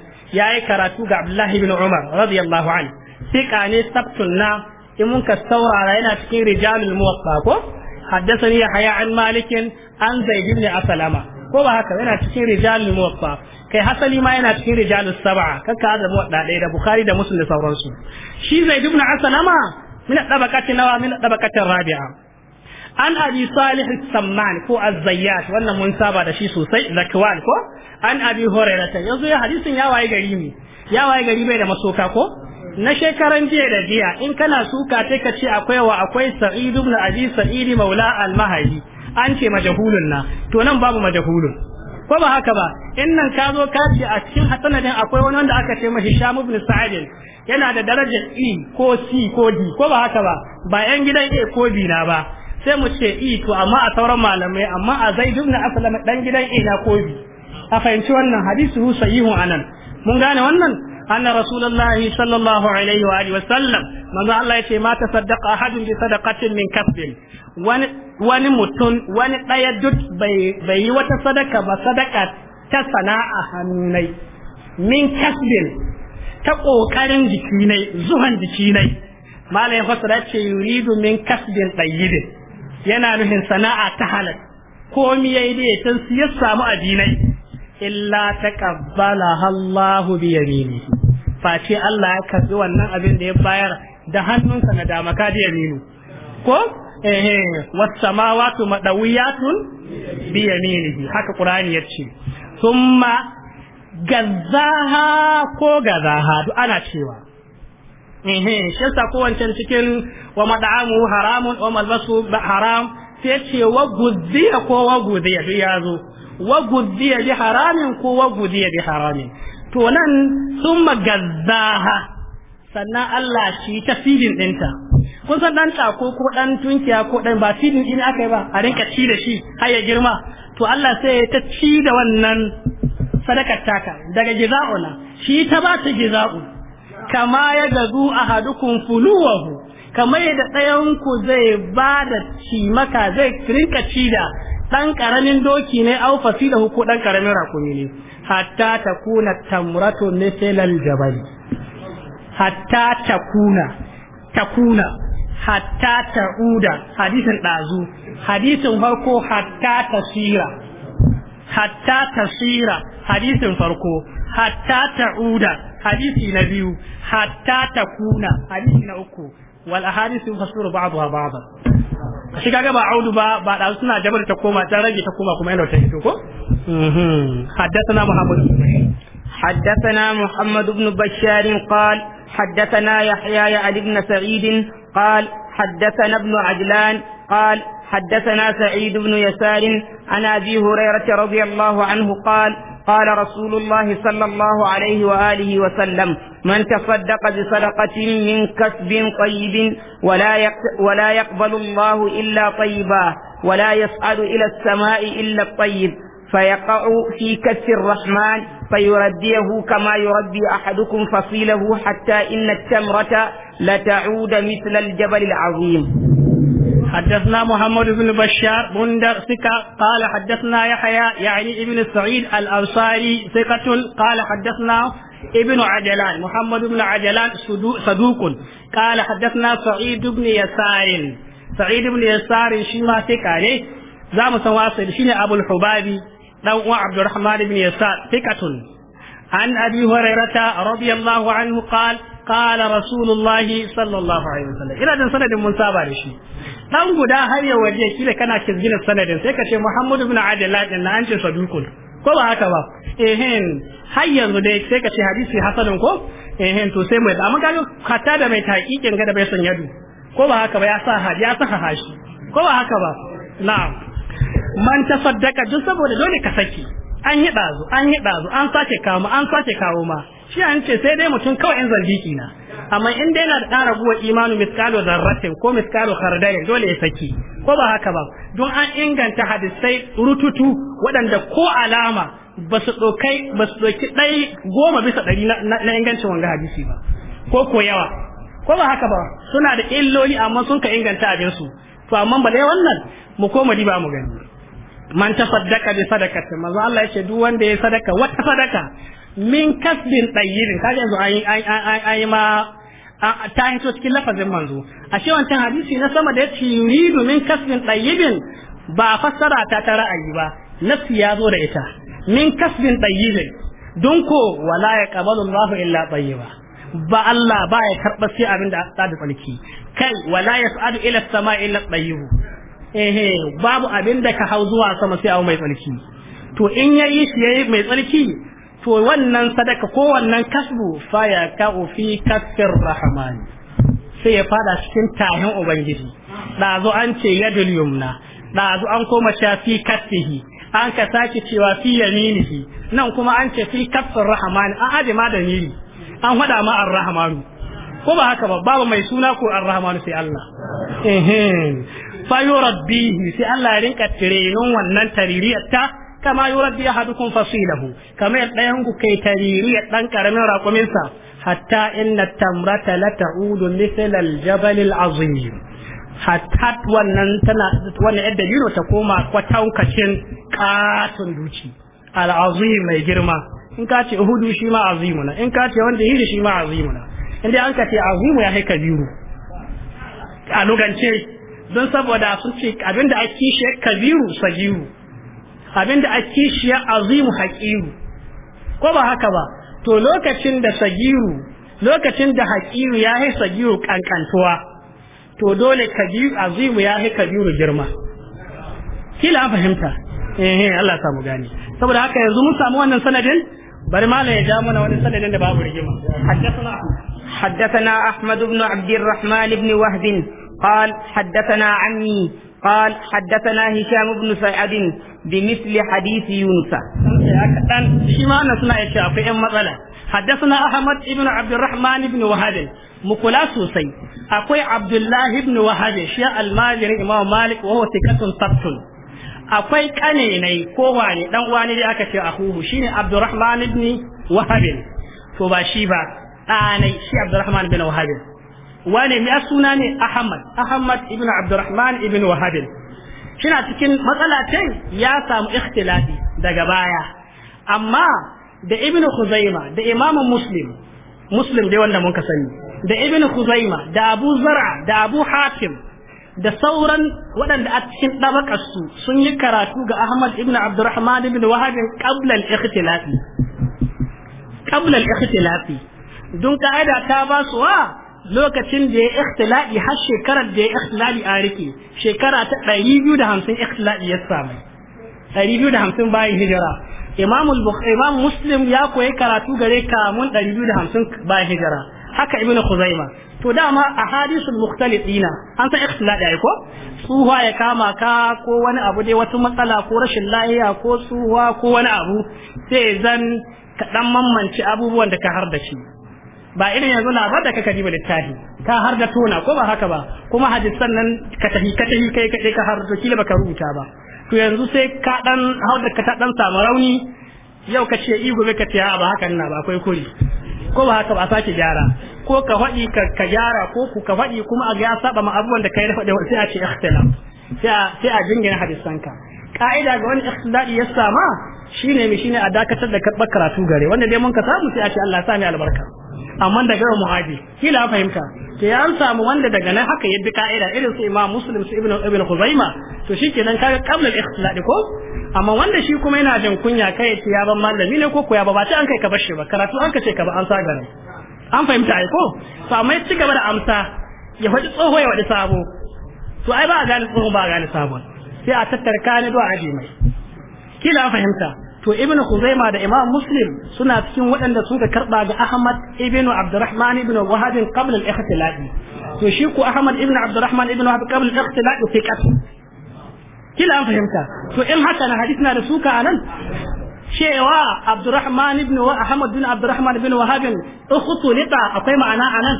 yayi karatu ga abdullahi ibn umar radiyallahu anhu sika ne sabtun na in mun ka saurara yana cikin rijalul muwaffa ko haddathani yahya an malik an zaid ibn aslama ko ba haka yana cikin rijalul muwaffa kai hasali ma yana cikin rijalus sab'a kakka da mu da da bukhari da muslim da sauransu shi zaid ibn aslama min dabaqati nawa min dabaqati rabi'a an abi salih as-samman ko az-zayyat wannan mun saba da shi sosai zakwal ko an abi ta yanzu ya hadisin ya waye gari ne ya waye gari bai da masoka ko na shekaran jiya da jiya in kana suka ta kace ce akwai wa akwai sa'id ibn abi sa'id maula al-mahdi an ce majahulun na to nan babu majahulun ko ba haka ba in nan ka zo ka ce a cikin sanadin akwai wani wanda aka ce mashi shamu ibn sa'id yana da darajar e ko c ko d ko ba haka ba ba yan gidan E ko b na ba sai mu ce e to amma a sauran malamai amma a zaid ibn aslam dan gidan E na ko b a fahimci wannan hadisi hu sahihun anan mun gane wannan anna rasulullahi sallallahu alaihi wa alihi manzo Allah yace ma tasaddaqa ahadun bi sadaqatin min kasbin wani wani mutum wani daya duk bai bai yi wata sadaka ba sadaka ta sana'a hannunai min kasbin ta kokarin jiki ne zuhan jiki ne malai fasara ce yuridu min kasbin dayyidin yana nufin sana'a ta halal ko mi yayi dai tan ya samu adinai illa taqabbalaha Allahu bi yaminihi face Allah ya karbi wannan abin da ya bayar da hannunsa na dama ka da yaminu ko ehe was-samawati madawiyatun bi yaminihi haka Qur'ani yace thumma gazaha ko gazaha duk ana cewa ehe shi sa ko wancan cikin wa mad'amu haramun wa malbasu haram sai ce wa guziya ko wa guziya duk ya zo wa guziya bi haramin ko wa guziya bi haramin to nan sun magazzaha sannan Allah shi ta fidin ɗinta kun san ɗan tako ko ɗan tunkiya ko ɗan ba fidin ɗin aka yi ba a rinka ci da shi har ya girma to Allah sai ya ta ci da wannan sadakar taka daga giza'una shi ta ba ta giza'u kama ya gazu a ahadukum fuluwahu kamar da ɗayan ku zai ba da cimaka zai rinka ci da ɗan ƙaramin doki ne au da ko ɗan ƙaramin rakumi ne hatta ta kuna ne mithlal jabal hatta ta kuna ta kuna hatta ta uda hadisin ɗazu hadisin farko hatta ta sira hatta ta sira hadisin farko hatta ta uda hadisi na biyu hatta ta kuna hadisi na uku wal ahadith yufassiru ba'daha ba'dha shi kaga ba audu ba ba da suna jabar ta koma ta rage ta koma kuma yana ta hito ko haddathana muhammad haddathana muhammad ibn bashar qal haddathana yahya ya ali ibn sa'id qal حدثنا ابن عجلان قال حدثنا سعيد بن يسار عن ابي هريره رضي الله عنه قال قال رسول الله صلى الله عليه وآله وسلم من تصدق بصدقة من كسب طيب ولا, ولا يقبل الله إلا طيبا ولا يصعد إلى السماء إلا الطيب فيقع في كف الرحمن فيرديه كما يربي أحدكم فصيله حتى إن التمرة لتعود مثل الجبل العظيم حدثنا محمد بن بشار بندر ثقة قال حدثنا يحيى يعني ابن سعيد الأنصاري ثقة قال حدثنا ابن عجلان محمد بن عجلان صدوق قال حدثنا سعيد بن يسار سعيد بن يسار شيما ثقة ليه za mu san wasu shi ne abul hubabi dan uwan abdurrahman ibn yasar thiqatun an abi hurairata radiyallahu anhu qala qala rasulullahi sallallahu alaihi wasallam ina jin sanadin mun saba da shi dan guda har ya waje kila kana kizgina sanadin sai ka ce Muhammadu ibn Adila din na an ce sadukun ko ba haka ba ehen har yanzu dai sai ka ce hadisi hasanun ko ehen to sai mai amma ga kata da mai taqiqin ga da bai son yadu ko ba haka ba ya sa hadi ya saka hashi ko ba haka ba na'am man tasaddaka duk saboda dole ka saki an yi dazu an yi dazu an sake kawo an sake kawo ma shi an ce sai dai mutum kawai in zargi kina amma in dai yana da ƙara raguwar imanu miskalo zarratin ko miskalo khardalin dole ya saki ko ba haka ba don an inganta hadisai rututu waɗanda ko alama ba su ɗauki ba su ɗai goma bisa ɗari na ingancin wanga hadisi ba ko ko yawa ko ba haka ba suna da illoli amma sun ka inganta su to amma ba dai wannan mu koma diba mu gani man tasaddaqa bi sadaqati manzo Allah yake duk wanda ya sadaka wata sadaka min kasbin tayyibin kaga yanzu an yi ma ta hito cikin lafazin manzo ashe wancan hadisi na sama da yace yuridu min kasbin tayyibin ba fassara ta ta ra'ayi ba nafsi ya zo da ita min kasbin tayyibin don ko wala ya qabalu Allahu illa tayyiba ba Allah ba ya karɓa sai abin da ta da tsalki kai wala yas'adu ila sama samai illa tayyib eh babu abin da ka hau zuwa sama sai abu mai tsalki to in ya yi shi ya yi mai tsalki to wannan sadaka ko wannan kasbu fa ya fi kaffir rahmani sai ya fada cikin tahin ubangiji ɗazu an ce yadul yumna ɗazu an koma shafi fi an ka saki cewa fi yaminihi nan kuma an ce fi kaffir rahmani an aje ma da ni an hada ma ar ko ba haka ba babu mai suna ko ar sai Allah fa yurabbihi sai Allah ya rinka tirenin wannan taririyar ta kama yurabbi ahadukum fasilahu kamar ɗayan ku kai tariri ɗan karamin raƙuminsa hatta inna tamrata la ta'udu mithla al-jabal al-azim hatta wannan tana wannan yadda yiro ta koma kwatankacin katon duci al-azim mai girma in ka ce uhudu shi ma azimuna in ka ce wanda yiri shi ma azimuna inda an ka ce azimu ya haika biyu a lugance don saboda sun ce abinda ake shi kabiru sajiru Abin abinda a ya azimu haƙiru ko ba haka ba to lokacin da sagiru lokacin da haƙiru ya yi sagiru ƙanƙantuwa, to dole kabiru azimu ya yi kabiru girma kila an fahimta eh Allah samu gani saboda haka yanzu mun samu wannan sanadin bari mala ya ja mana wani sanadin da babu rigima haddathana حدثنا أحمد بن عبد الرحمن بن وهب قال حدثنا عني قال حدثنا هشام بن سعد بمثل حديث يونس شيما سنا يشاء في ام مثلا حدثنا احمد بن عبد الرحمن بن وهب مقلا سوسي اكوي عبد الله بن وهب شيا المالري امام مالك وهو ثقة ثبت akwai kane ne ko wani dan wani da aka ce ahuhu shine Abdurrahman ibn Wahab to ba shi ba ɗanai shi Abdurrahman ibn Wahab wane ya suna ne Ahmad Ahmad ibn Abdurrahman ibn Wahab shina cikin matsala ce ya samu ikhtilafi daga baya amma da Ibn Khuzaima da Imam Muslim Muslim dai wanda muka sani da Ibn Khuzaima da Abu Zar'a da Abu Hatim da sauran waɗanda a cikin ɗabakarsu sun yi karatu ga Ahmad ibn Abdurrahman ibn Wahab qablan ikhtilafi qablan ikhtilafi dun ka'ida ta ba su wa lokacin da ya ikhtilali har shekarar da ya ikhtilali a rike shekara ta 250 ikhtilali ya samu 250 bayan hijira imam imam muslim ya koyi karatu gare kamun 250 bayan hijira haka ibnu khuzaima to dama a hadisul mukhtalifina an san ikhtilali ai ko suwa ya kama ka ko wani abu dai wata matsala ko rashin lafiya ko suwa ko wani abu sai zan ka dan mammanci abubuwan da ka har da shi ba irin yanzu labar da kaka ba littafi ka har da tona ko ba haka ba kuma hadisan nan ka tafi ka tafi kai kaɗai ka har da kila baka rubuta ba to yanzu sai ka dan har da ka ta dan samu rauni yau ka ce i gobe ka ce a ba hakan na ba akwai kuri ko ba haka ba a sake gyara ko ka faɗi ka gyara ko ku ka faɗi kuma a ga saba ma abubuwan da kai da faɗi sai a ce ikhtilaf sai a sai a jingina ka ka'ida ga wani ikhtilafi ya sama shine mi shine a dakatar da karɓar gare wanda dai mun ka samu sai a ce Allah ya sami albarka amma daga wa muhaji kila fahimta ke an samu wanda daga nan haka yadda ka'ida irin su imam muslim su ibnu ibnu khuzaima to shikenan kaga qabla al-ikhtilal ko amma wanda shi kuma yana jin kunya kai ce ya ban malami ne ko ko ya ba ta an kai ka bashi ba karatu an ka ce ka ba an sa gare an fahimta ai ko to amma ya ci gaba da amsa ya faɗi tsoho ya faɗi sabo to ai ba a gane tsoho ba a gane sabon sai a tattarka ne do a aje mai kila fahimta to ibnu khuzaima da imam muslim suna cikin waɗanda suka karɓa ga ahmad ibnu abdurrahman ibnu wahab qabl al-ikhtilafi to shi ku ahmad ibnu abdurrahman ibnu wahab qabl al-ikhtilafi fi qatl kila an fahimta to in haka na hadisi na da suka anan cewa abdurrahman ibnu wa ahmad ibn abdurrahman ibn wahab ukhtulita akwai ma'ana anan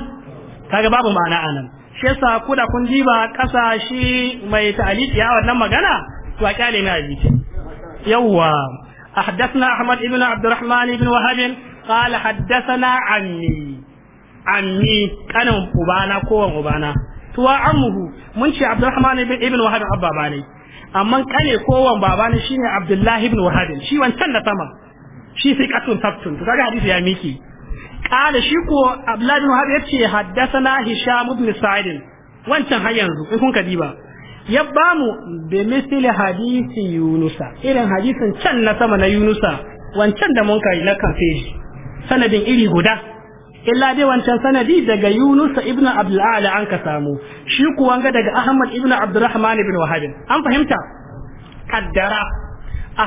kaga babu ma'ana anan shi yasa kuda kun diba kasashe mai ta'aliki ya wannan magana to a kyale na hadisi yawwa حدثنا أحمد بن عبد الرحمن بن وهب قال حدثنا عمي عمي كان أبانا كون أبانا tuwa mun ce abdurrahman ibn wahab abba bane amma kane kowan baba shine abdullahi ibn wahab shi wancan da sama shi sai katun tabtun to kaga hadisi ya miki kada shi ko abdullahi ibn wahab yace haddathana hisham ibn sa'id wancan har yanzu in kun ya ba mu bi misali hadisi yunusa irin hadisin can na sama na yunusa wancan da mun kai na kafe sanadin iri guda illa dai wancan sanadi daga yunusa ibnu abdul ala an ka samu shi kuwa ga daga ahmad ibnu abdurrahman ibn wahab an fahimta kaddara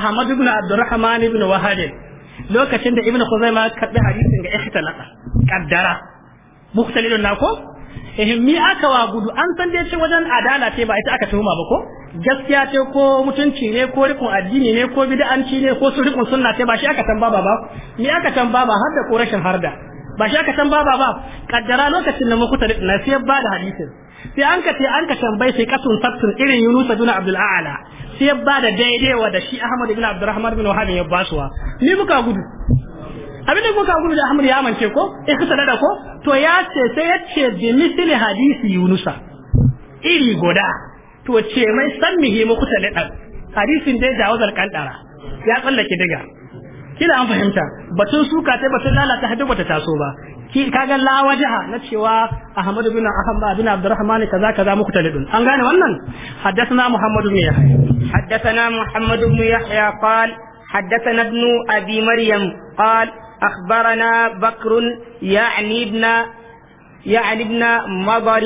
ahmad ibnu abdurrahman ibn wahab lokacin da ibnu khuzaimah ma karbi hadisin ga ihtilaka kaddara mukhtalilun na ko ehin mi aka wa gudu an san dai ce wajen adala ce ba ita aka tuhuma ba ko gaskiya ce ko mutunci ne ko rikon addini ne ko bid'anci ne ko su rikon sunna ce ba shi aka tambaba ba mi aka tambaba har da korashin har harda ba shi aka tambaba ba kaddara lokacin da mukuta na sai ba da hadisin sai an ka an ka tambaye sai kasun sabtun irin Yunus bin Abdul A'la sai ba da daidaiwa da shi Ahmad bin Abdurrahman bin Wahab ya basuwa ni muka gudu abin da kuka gudu da hamur ya mance ko eh kusa da ko to ya ce sai ya ce bi misali hadisi yunusa iri goda to ce mai san mihi mu kusa da hadisin dai jawazar kandara ya tsallake diga kina an fahimta batun suka sai batun lalata hadu bata taso ba ki kaga la wajaha na cewa Ahmad bin Ahmad bin Abdurrahman kaza kaza muku talidun an gane wannan haddathana Muhammad bin Yahya haddathana Muhammad bin Yahya qal حدثنا ابن abi مريم قال أخبرنا بكر يعني ابن يعني ابن مضر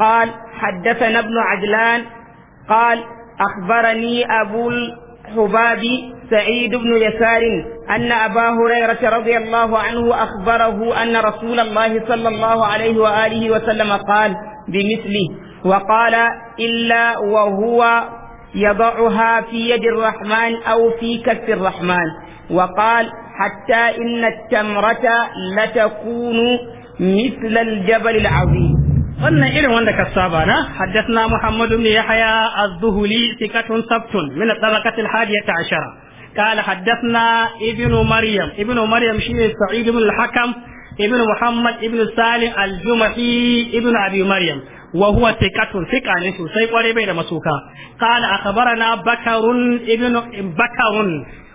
قال حدثنا ابن عجلان قال أخبرني أبو الحباب سعيد بن يسار أن أبا هريرة رضي الله عنه أخبره أن رسول الله صلى الله عليه وآله وسلم قال بمثله وقال إلا وهو يضعها في يد الرحمن أو في كف الرحمن وقال حتى إن التمرة لتكون مثل الجبل العظيم wannan irin wanda ka saba na haddathna Muhammad ibn Yahya az-Zuhli thiqatun sabtun min al-tabaqat al-hadiyah ashara qala haddathna ibn Maryam ibn Maryam shine Sa'id ibn al-Hakam ibn Muhammad ibn Salim al-Jumahi ibn Abi Maryam wa huwa thiqatun thiqa ne sosai kware bai da masuka qala akhbarana Bakarun ibn Bakarun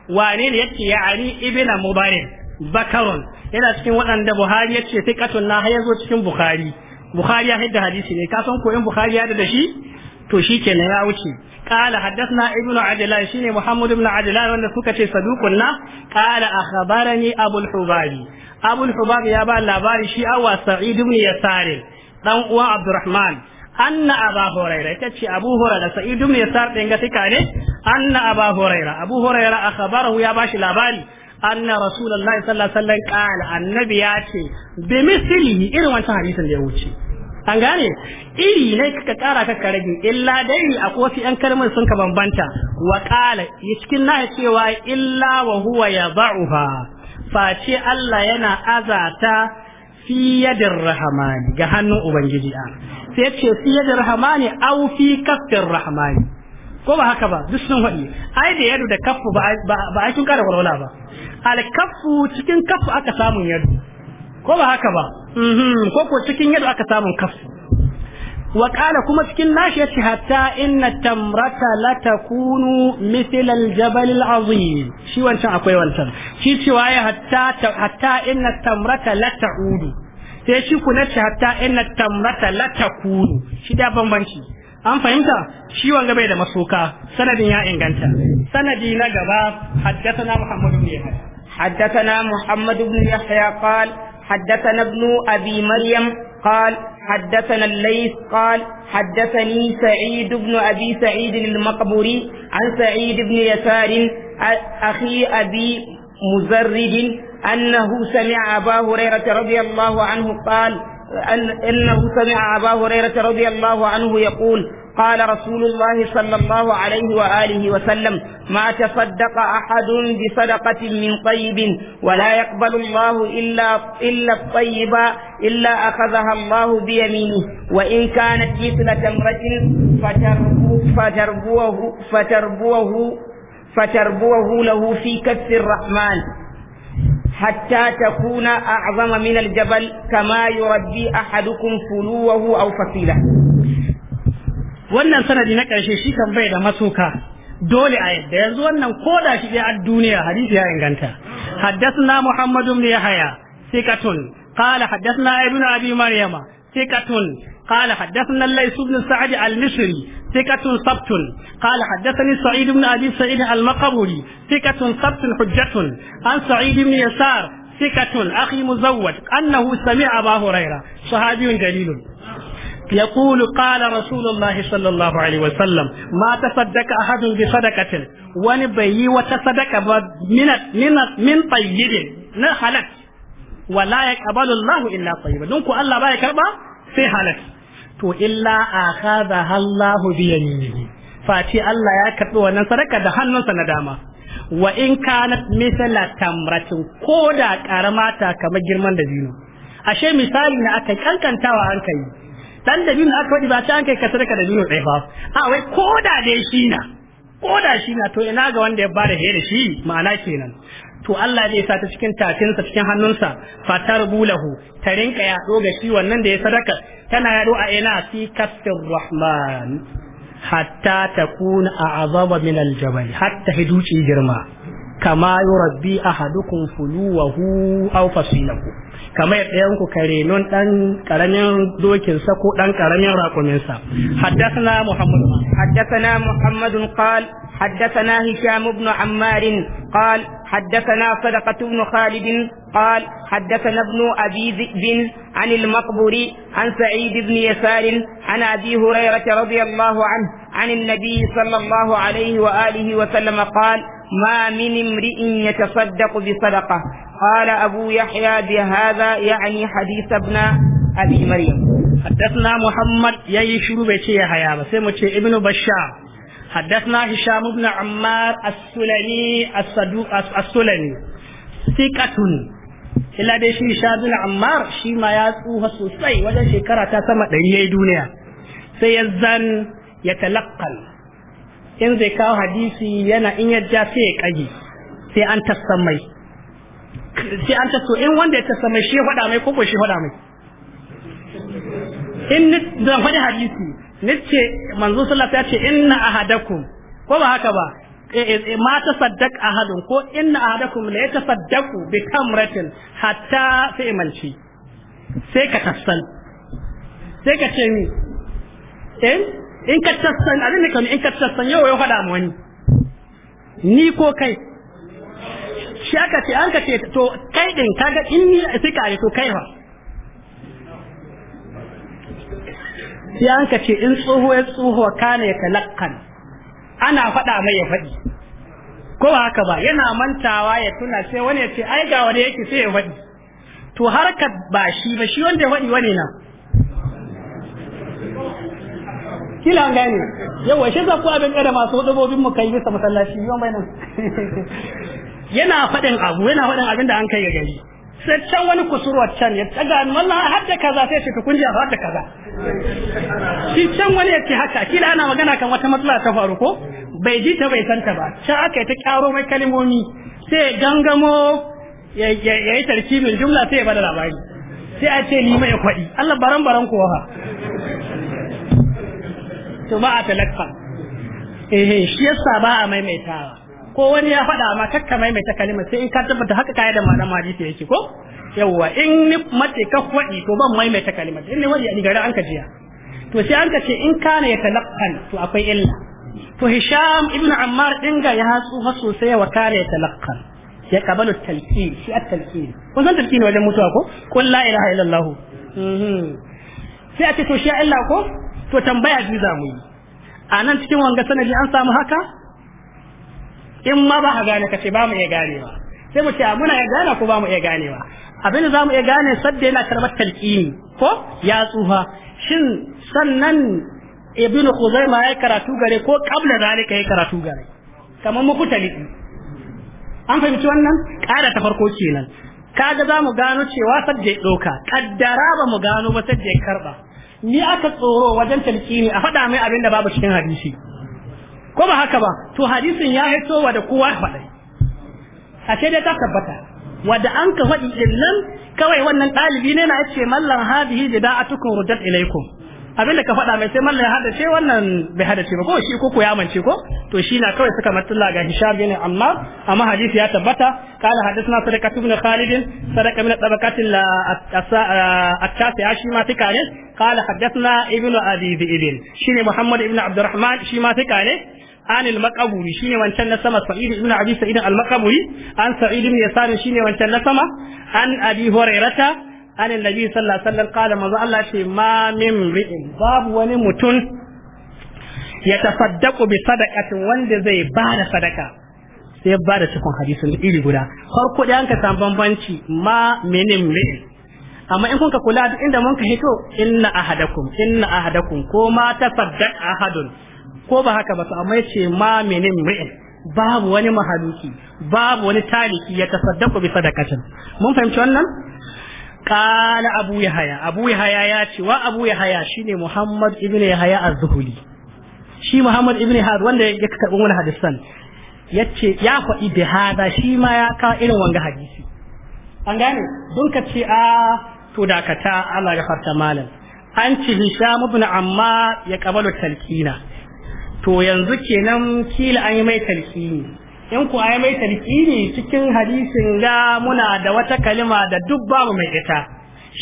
wane ne yake ya ari ibn mubarak bakaron yana cikin waɗanda buhari ya ce sai katon na cikin buhari buhari ya haɗa hadisi ne ka san ko buhari ya da shi to shi ke ya wuce kala haddasna ibnu adila shine ne muhammad ibnu adila wanda suka ce sadukun na kala a khabarani Abulhubar. hubari ya ba labari shi awa sa'id ibn yasari dan uwa abdurrahman anna aba huraira ta ce abu huraira sa'id ibn yasar din ga tika ne anna aba huraira abu huraira akhbarahu ya bashi labari anna rasulullahi sallallahu alaihi wasallam qala annabi ya ce bi mislihi irin wancan hadisin da ya wuce an gane iri ne kaka kara ka rage illa dai a kofi yan kalmar sun ka bambanta wa qala cikin na cewa illa wa huwa yad'uha face Allah yana azata fi yadir rahmani ga hannun ubangiji a sai ce fi yadda rahmani au fi kaffin rahmani ko ba haka ba duk sun faɗi ai da yadu da kaffu ba a kin kada walwala ba alkaffu cikin kaffu aka samun yadu ko ba haka ba mhm. ko ko cikin yadu aka samun kaffu wa qala kuma cikin nashi ya ce hatta inna tamrata la takunu mithl al-jabal al-azim shi wancan akwai wancan shi ce waye hatta hatta inna tamrata la ta'udu sai shi ku nace hatta inna tamrata la takunu shi da bambanci an fahimta shi wanga bai da masoka sanadin ya inganta sanadi na gaba haddathana muhammad ibn yahya haddathana muhammad ibn yahya qal haddathana ibn abi maryam قال حدثنا الليث قال حدثني سعيد بن أبي سعيد المقبري عن سعيد بن يسار أخي أبي مزرد أنه سمع أبا هريرة رضي الله عنه قال أنه سمع أبا هريرة رضي الله عنه يقول قال رسول الله صلى الله عليه وآله وسلم ما تصدق أحد بصدقة من طيب ولا يقبل الله إلا, إلا الطيب إلا أخذها الله بيمينه وإن كانت مثل تمرة فتربوه, فتربوه, فتربوه له في كف الرحمن حتى تكون أعظم من الجبل كما يربي أحدكم فلوه أو فصيله wannan sanadi na ƙarshe shi kan bai da masuka dole a yadda yanzu wannan koda shi ɗaya a duniya hadisi ya inganta haddasna muhammadu ibn yahya sikatun qala haddasna ibn abi maryama ثقة قال حدثنا الليث بن سعد المصري ثقة سبت قال حدثني سعيد بن أبي سعيد المقبري ثقة سبت حجة عن سعيد بن يسار ثقة أخي مزود أنه سمع أبا هريرة صحابي جليل يقول قال رسول الله صلى الله عليه وسلم ما تصدق أحد بصدقة ونبي وتصدق من من من طيب نحلت wala yaqbalu Allahu illa tayyiban don ku Allah baya karɓa sai halal to illa akhadha Allahu bi yaminihi fati Allah ya karbi wannan sadaka da hannunsa na dama wa in na misala tamratin koda karamata kamar girman da ashe misali na aka kankantawa an kai dan da bin aka wadi ba ta an kai ka sadaka da zino dai a wai koda dai shi na koda shi na to ina ga wanda ya bada da shi ma'ana kenan to Allah zai sa ta cikin tatinsa cikin hannunsa fatar bulahu ta rinka yaɗo ga shi wannan da ya sadaka tana yaɗo a ina fi kasfin rahman hatta kuna a azaba min aljabal hatta hiduci girma kama a ahadukum fuluwahu aw fasilahu kamar ku kare nun ɗan ƙaramin dokinsa ko ɗan ƙaramin raƙuminsa. Haddasana Muhammad. Haddasana Muhammad Qal. Haddasana Hisham ibn Ammar Qal. Haddasana Sadaqa ibn Khalid Qal. Haddasana ibn Abi Zibin an al-Maqburi an Sa'id ibn Yasar an Abi Hurairah radiyallahu anhu. عن النبي صلى الله عليه وآله وسلم قال ما من امرئ يتصدق بصدقة قال أبو يحيى بهذا يعني حديث ابن أبي مريم حدثنا محمد يشرو بيتي يحيى بس ابن بشار حدثنا هشام بن عمار السلمي السلمي ثقة إلا دي شي هشام بن عمار شي ما يا tsufa sosai wajen shekara ta sama ɗari yayi duniya sai ya zan ya talaqqal in zai kawo hadisi yana in ya ja sai ya kage sai an mai sai an tasso in wanda ya mai shi faɗa mai ko shi faɗa mai in zan faɗi hadisi nace manzo sallallahu alaihi wasallam inna ahadakum ko ba haka ba eh, eh, eh, ma ta saddaq ahadun ko inna ahadakum la yatasaddaqu bi kamratin hatta fi imalci sai ka tassal sai ka ce ni eh in ka tassan abin da kamar in ka tassan yau yau hada mu wani ni ko kai shi aka ce an ka ce to kai din kaga in ni sika ne to kai fa sai an ka ce in tsoho ya tsoho ne ka lakkan ana faɗa mai ya faɗi ko haka ba yana mantawa ya tuna sai wani ya ce ai ga wani yake sai ya faɗi to harkar ba shi ba shi wanda ya faɗi wani nan kila an gane yawa shi zaku abin kada masu dubobin mu kai bisa masallaci yau bai nan yana faɗin abu yana faɗin abin da an kai ga gari sai can wani kusurwa can ya taga wallahi har da kaza sai shi kun ji har da kaza shi can wani yake haka kila ana magana kan wata matsala ta faru ko bai ji ta bai ta ba can aka yi ta kyaro mai kalmomi sai gangamo ya yi tarkibin jumla sai ya bada labari sai a ce ni mai kwaɗi Allah baran baran kuwa to ba a talakfa eh shi yasa ba a maimaitawa ko wani ya faɗa ma kakka maimaita kalima sai in ka tabbata haka kai da malam hadisi yake ko yawwa in ni mace ka kwadi to ban maimaita kalima in ni wani gari an ka jiya to sai an ka ce in kana ya talakkan to akwai illa to hisham ibn ammar dinga ya hasu hasu sosai wa wakare ya talaqqan ya kabalu talqin shi at talqin ko san talqin wajen mutuwa ko qul la ilaha illallah mhm. sai a ce to shi illa ko to tambaya ji za mu yi a nan cikin wanga sanadi an samu haka in ma ba a gane ka ce ba mu iya ganewa sai mu ce a muna iya gane ko ba mu iya ganewa abin da za mu iya gane sadda yana karɓar talƙini ko ya tsufa shin sannan ibnu khuzaima ya karatu gare ko qabla zalika ya karatu gare kamar muku talibi an fahimci wannan ƙara ta farko kenan kaga za mu gano cewa sadda ya ɗauka ƙaddara ba mu gano ba sadda ya karɓa ni aka tsoro wajen talkini a faɗa mai abin da babu cikin hadisi ko ba haka ba to hadisin ya haito wa da kowa ya faɗa a ce dai ta tabbata da an ka faɗi illan kawai wannan ɗalibi ne na ce mallan hadihi bida'atukum ruddat ilaikum abinda ka faɗa mai sai mallan ya hada ce wannan bai hada ce ba ko shi ko ku ya amince ko to shi na kawai suka matsala ga Hisham bin amma amma hadisi ya tabbata kana hadisna sadaka ibn Khalid sadaka min la at-tasi'a shi ma tika ne kana hadathna ibn Abi Dhib shine Muhammad ibn Abdurrahman shi ma tika ne عن المقبوري شين وانشان نسمة سعيد بن أبي سعيد المقبوري عن سعيد بن يسار شين وانشان نسمة عن أبي هريرة an annabi sallallahu alaihi wasallam qala manzo Allah ce ma min ri'in babu wani mutum ya tasaddaqu bi sadaqatin wanda zai bada sadaka sai ya bada cikin hadisin iri guda farko da an ka san bambanci ma minim ri'in amma in kun ka kula duk inda mun ka hito inna ahadakum inna ahadakum ko ma tasaddaq ahadun ko ba haka ba su amma yace ma minim ri'in babu wani mahaluki babu wani taliki ya tasaddaku bi sadakatin mun fahimci wannan قال أبو يحيى أبو يحيى ياتي وأبو يحيى شيني محمد ابن يحيى الزهري شي محمد ابن هاد ولا يكتب من حدثان yace ya faɗi da hada shi ma ya ka irin wanga hadisi an gane don ka to dakata Allah ya farta malam an ci Hisham ibn amma ya kabalu talkina to yanzu kenan kila an yi mai talkini in ku ai mai tarkini cikin hadisin ga muna da wata kalima da duk babu mai ita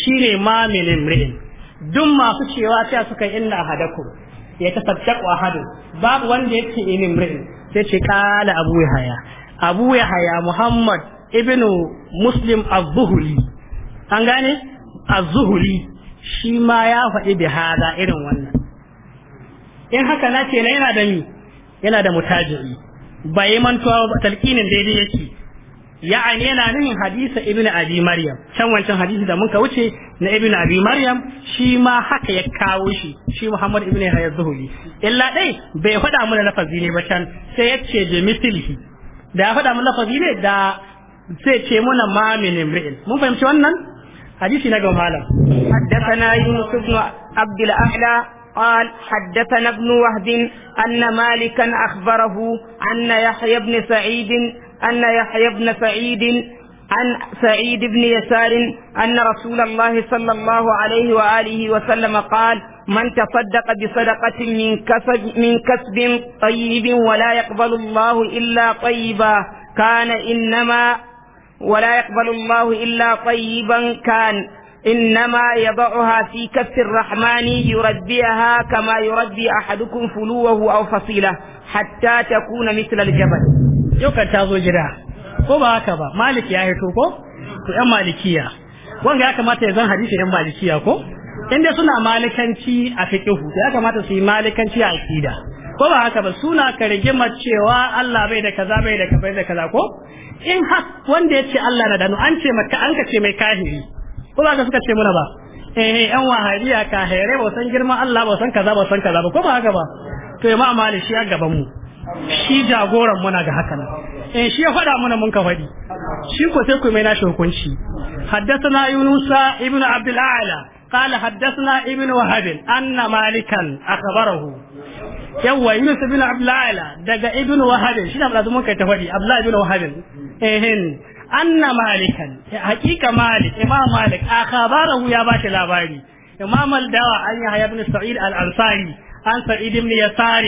shine ma min imrin duk masu cewa sai suka inna hadaku ya tasaddaqu hadu babu wanda yake in imrin sai ce kala abu yahya abu yahya muhammad ibnu muslim az-zuhri an gane az-zuhri shi ma ya faɗi da hada irin wannan in haka na ce na yana da ni yana da mutaji'i bai mantuwa ba talkinin daidai yake ya'ani yana nuhin hadisa ibnu abi maryam can wancan hadisi da muka wuce na ibnu abi maryam shi ma haka ya kawo shi shi muhammad ibnu hayy zuhuri illa dai bai faɗa mana lafazi ne ba can sai ya ce bi mislihi da ya faɗa mana lafazi ne da sai ce muna ma min imri'in mun fahimci wannan hadisi na ga malam haddathana ibn قال حدثنا ابن وهب أن مالكا أخبره أن يحيى بن سعيد أن يحيى بن سعيد عن سعيد بن يسار أن رسول الله صلى الله عليه وآله وسلم قال من تصدق بصدقة من كسب, من كسب طيب ولا يقبل الله إلا طيبا كان إنما ولا يقبل الله إلا طيبا كان إنما يضعها في كف الرحمن يربيها كما يربي أحدكم فلوه أو فصيلة حتى تكون مثل الجبل يوكا تازو جدا كما هكذا مالك يا هيتوكو كو مالكية wanga ya kamata ya zan hadisi yan malikiya ko inda suna malikanci a fiqhu ya kamata su yi malikanci a aqida ko ba haka ba suna ka rigima macewa Allah bai da kaza bai da kaza bai da ko in haka wanda yace Allah na danu an ce ce mai kahiri ko ba ka suka ce muna ba eh yan wahabiya ka here ba san girman Allah ba san kaza ba san kaza ba ko ba haka ba to imam mali shi a gaban mu shi jagoran muna ga haka nan eh shi ya faɗa muna mun ka faɗi shi ko sai ku mai nashi hukunci haddathana yunusa ibnu abdul a'la قال حدثنا ابن وهب أن مالكا أخبره yawwa Yunus ibn Abdullah daga Ibn Wahab shi da mun kai tafari Abdullah ibn Wahab ehin eh, anna malikan ya hakika malik imam malik akhbarahu ya bashi labari imam al-dawa an yahya ibn sa'id al-ansari an sa'id ibn yasar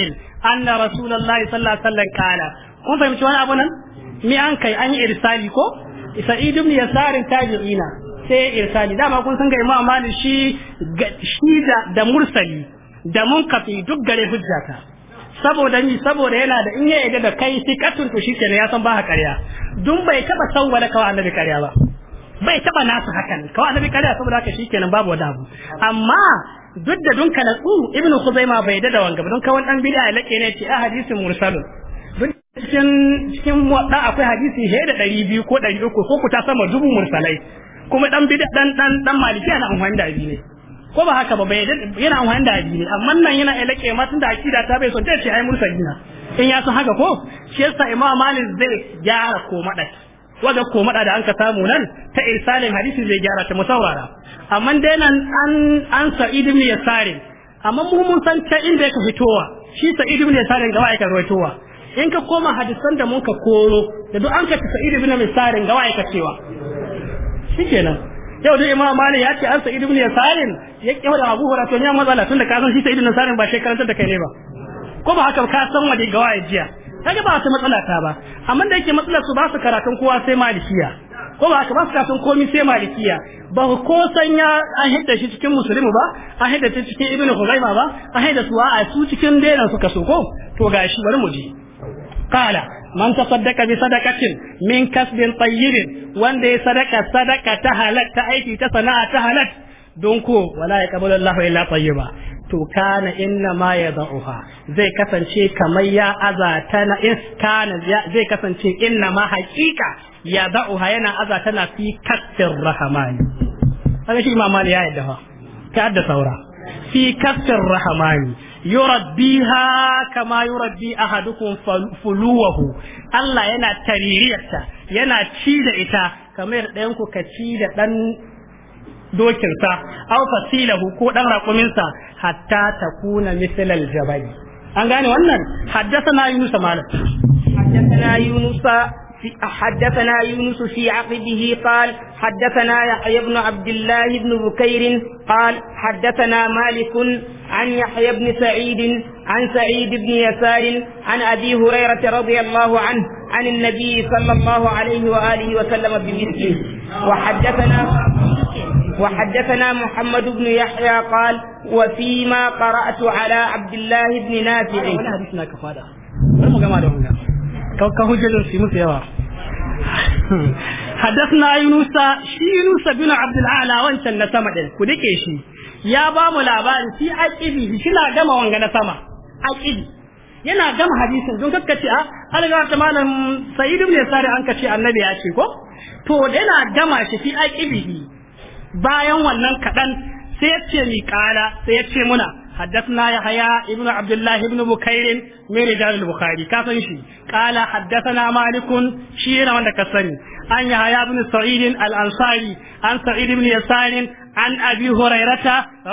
anna rasulullahi sallallahu alaihi wasallam kana kun fahimci wani abu nan mi an kai an yi irsali ko sa'id ibn yasar tabi'ina sai irsali dama kun san ga imam malik shi shi da mursali da munkafi duk gare hujjata saboda ni saboda yana da in ya yarda da kai sai katun to shikenan ya san ba karya dun bai taba san wani kawai annabi kariya ba bai taba nasu hakan kawai annabi kariya saboda haka shikenan babu wani abu amma duk da dun kana tsu ibnu khuzaima bai da wanga don kawai dan bid'a ya lake ne ce a ah, hadisin mursalun duk cikin cikin wadda akwai hadisi he da 200 ko 300 ko ku ta sama dubu mursalai kuma dan bid'a dan dan dan maliki ana amfani da abi ne ko ba haka ba bai yana amfani da abi ne amma nan yana lake ma tunda akida ta bai so ta ce ai mursalina in ya san haka ko shi yasa imam malik zai gyara ko mada wanda mada da an ka samu nan ta irsalin hadisi zai gyara ta musawara amma dai nan an an sa'id ibn yasari amma mu mun san ta inda yake fitowa shi sa'id ibn yasari ga ka rawaitowa in ka koma hadisan da mun ka koro da duk an ka ta sa'id ibn yasari ga ka cewa shikenan yau dai imam malik ya ce an sa'id ibn yasari ya kiwa da abu hurairah to ya matsala tunda ka san shi sa'id ibn yasari ba shekarar da kai ne ba ko ba haka ka san wani gawa ya jiya kaga ba ta matsala ta ba amma da yake matsalar su ba su karatun kowa sai malikiya ko ba haka ba su karatun komi sai malikiya ba ko san ya an hidda shi cikin musulmi ba an hidda shi cikin ibnu huzaima ba an hidda su a su cikin dena suka so ko to gashi bari mu ji qala man tasaddaqa bi sadaqatin min kasbin tayyibin wanda ya sadaka sadaka ta halatta aiki ta sana'a ta halatta don ko wala ya kabalu Allahu illa tayyiba to kana inna ma ya za'uha zai kasance kamar ya azata na in kana zai kasance inna ma haƙiƙa ya za'uha yana azata na fi kasir rahamani haka shi imam ya yadda fa ta da saura fi kasir rahamani yurabbiha kama yurabbi ahadukum fuluwahu Allah yana taririyarta yana ci da ita kamar ɗayan ku ka ci da ɗan dokinsa aw fasilahu ko dan raƙuminsa hatta takuna mislal jabali an gane wannan haddathana yunus malam haddathana yunus حدثنا يونس في عقبه قال حدثنا يحيى بن عبد الله بن بكير قال حدثنا مالك عن يحيى بن سعيد عن سعيد بن يسار عن ابي هريره رضي الله عنه عن النبي صلى الله عليه واله وسلم بمثله وحدثنا وحدثنا محمد بن يحيى قال وفيما قرأت على عبد الله بن نافع حدثنا يونس شي يونس بن عبد الاعلى ku dake shi ya ba mu labarin shi aqibi shi na gama wanga na sama aqibi yana gama hadisin don kakkace a alga ta malam sa'id ibn yasari an kace annabi ya ce ko to yana gama shi fi bayan wannan kaɗan sai ya ce mi kala sai ya ce muna حدثنا يحيى ابن عبد الله ابن بكير من رجال البخاري كافن شي قال حدثنا مالك شيرا وند كسني عن يحيى بن سعيد الانصاري عن سعيد بن يسار عن ابي هريره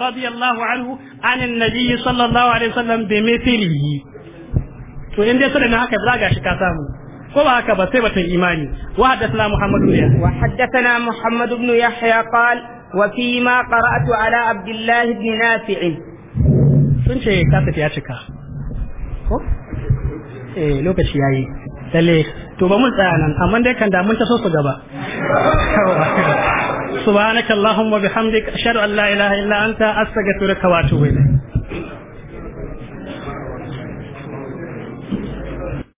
رضي الله عنه عن النبي صلى الله عليه وسلم بمثله to in dai sanin haka za ga shi ka samu ko ba haka ba sai batun imani wa haddathana muhammad ibn yahya wa haddathana muhammad ibn yahya qal wa ma qara'tu ala abdullah ibn nafi' sun ce ya cika ko eh lokaci yayi lalle to mun tsaya nan amma dai kan da mun taso su gaba subhanakallahumma bihamdika ashhadu an la ilaha illa anta astaghfiruka wa atubu ilayk